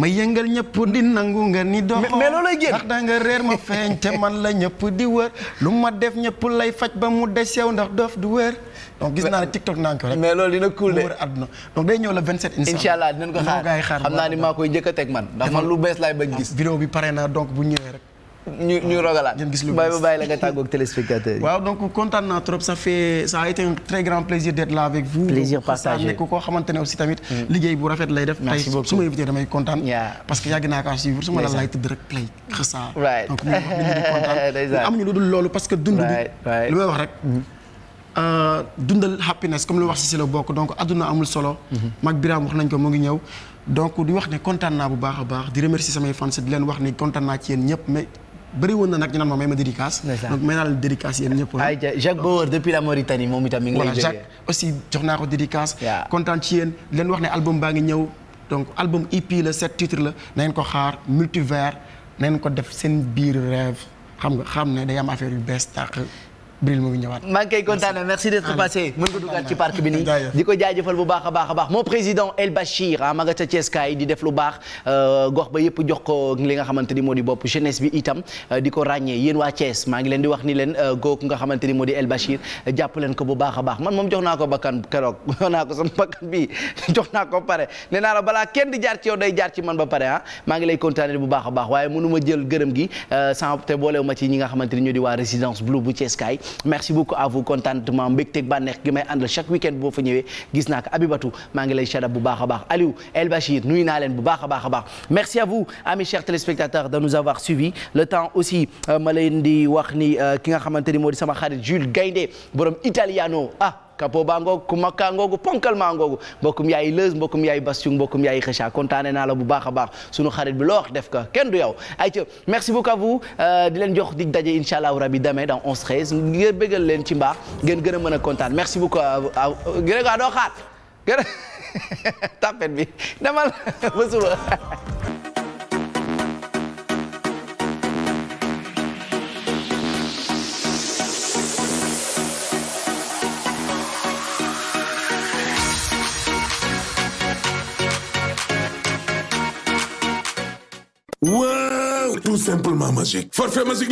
ma yëngal ñëpp di nangu nga ni doxol. mais loolay génn ndax da nga ma feeñ te man la ñëpp di wër lu ma def ñëpp lay faj ba mu des yow ndax doof du wër. donc gis naa ne TikTok naa ko rek. mais loolu dina cool de mu wër àdduna donc day ñëw la 27. incha teg man. ndax man lu bees laay bañ gis. vidéo bi pare na donc bu ñëwee rek. ñu ñu rogalaat ngeen gis lu bàyyi waaw donc kontaan naa trop ça fait ça a très grand plaisir d'être là avec vous. plaisir partagé nekk koo xamante ne aussi tamit. Mm. liggéey bu rafet lay def. merci su ma invité damay kontaan. parce que yàgg naa kaa suivre su ñu [laughs] lu dul loolu parce que dund bi wax rek. Mm-hmm. Euh, dundal happiness comme lu wax si si la bokk donc adduna amul solo. Mm-hmm. mag Birame wax nañ ko mu ngi ñëw. donc di wax ne kontaan naa bu baax a baax di remercier samay fans di leen wax ne kontaan naa ci yéen ñëpp mais bëri woon na nag ñu naan ma may ma dédicace. donc may naa la dédicace yéen ñëpp. Ah. ayca Jacques Bauer depuis la Mauritanie moom Jacques aussi jox naa ko dédicace. waaw ci yéen leen wax ne album baa ngi ñëw donc album EP la sept titres la na ngeen ko xaar multivers na ngeen ko def seen biir rêve xam nga xam ne day am affaire yu bees tàq. Bril mu ngi ñëwaat. maa ngi koy kontaanee merci di ko jaajëfal bu baax a baax a baax El Bachir ah ma nga di def lu baax euh, gox ba yëpp jox ko li nga xamante ni moo di bopp jeunesse bi itam euh, di ko ràññee yéen waa Thiès maa ngi leen di wax ni leen euh, googu nga xamante ni moo di El Bachir jàpp leen ko bu baax a baax man moom jox naa ko bakkan keroog [laughs] jox naa ko sama bakkan bi [laughs] jox naa ko pare nee naa la balaa kenn di jaar ci yow day jaar ci man ba pare ah. maa ngi lay kontaanee bu baax a baax waaye mënu ma jël gërëm gi sans te boolewuma ci ñi nga xamante ni ñoo di waa résidence Blue bu Thiès kaay merci beaucoup à vous contentement mbégteeg bànneex gi may àndal chaque week-end boo fa ñëwee gis naa ko Abibatou maa ngi lay shada bu baax a baax Aliou El Bachir nuyu naa leen bu baax a baax a baax merci à vous amis chers téléspectateurs de nous avoir suivis le temps aussi euh, ma leen di wax ni euh, ki nga xamante ni moo di sama xarit Jules Gaynde borom Italiano ah kapo baa ngoogu ku makkaa ngoogu ponkal maa ngoogu mbokkum yaay lëz mbokkum yaay bastung mbokkum yaay xëcha kontaane naa la bu baax a baax sunu xarit bi loo wax def ka kenn du yow ayca merci beaucoup à vous euh, di leen jox dig daje insha allahu rabi demain dans 11 13 ngeen leen ci mbaax ngeen gën a mën a kontaan merci beaucoup gërë a doo xaat gërë [laughs] tapet bi demal [laughs] ba suba [laughs] waaw tout simplement magique forfait magique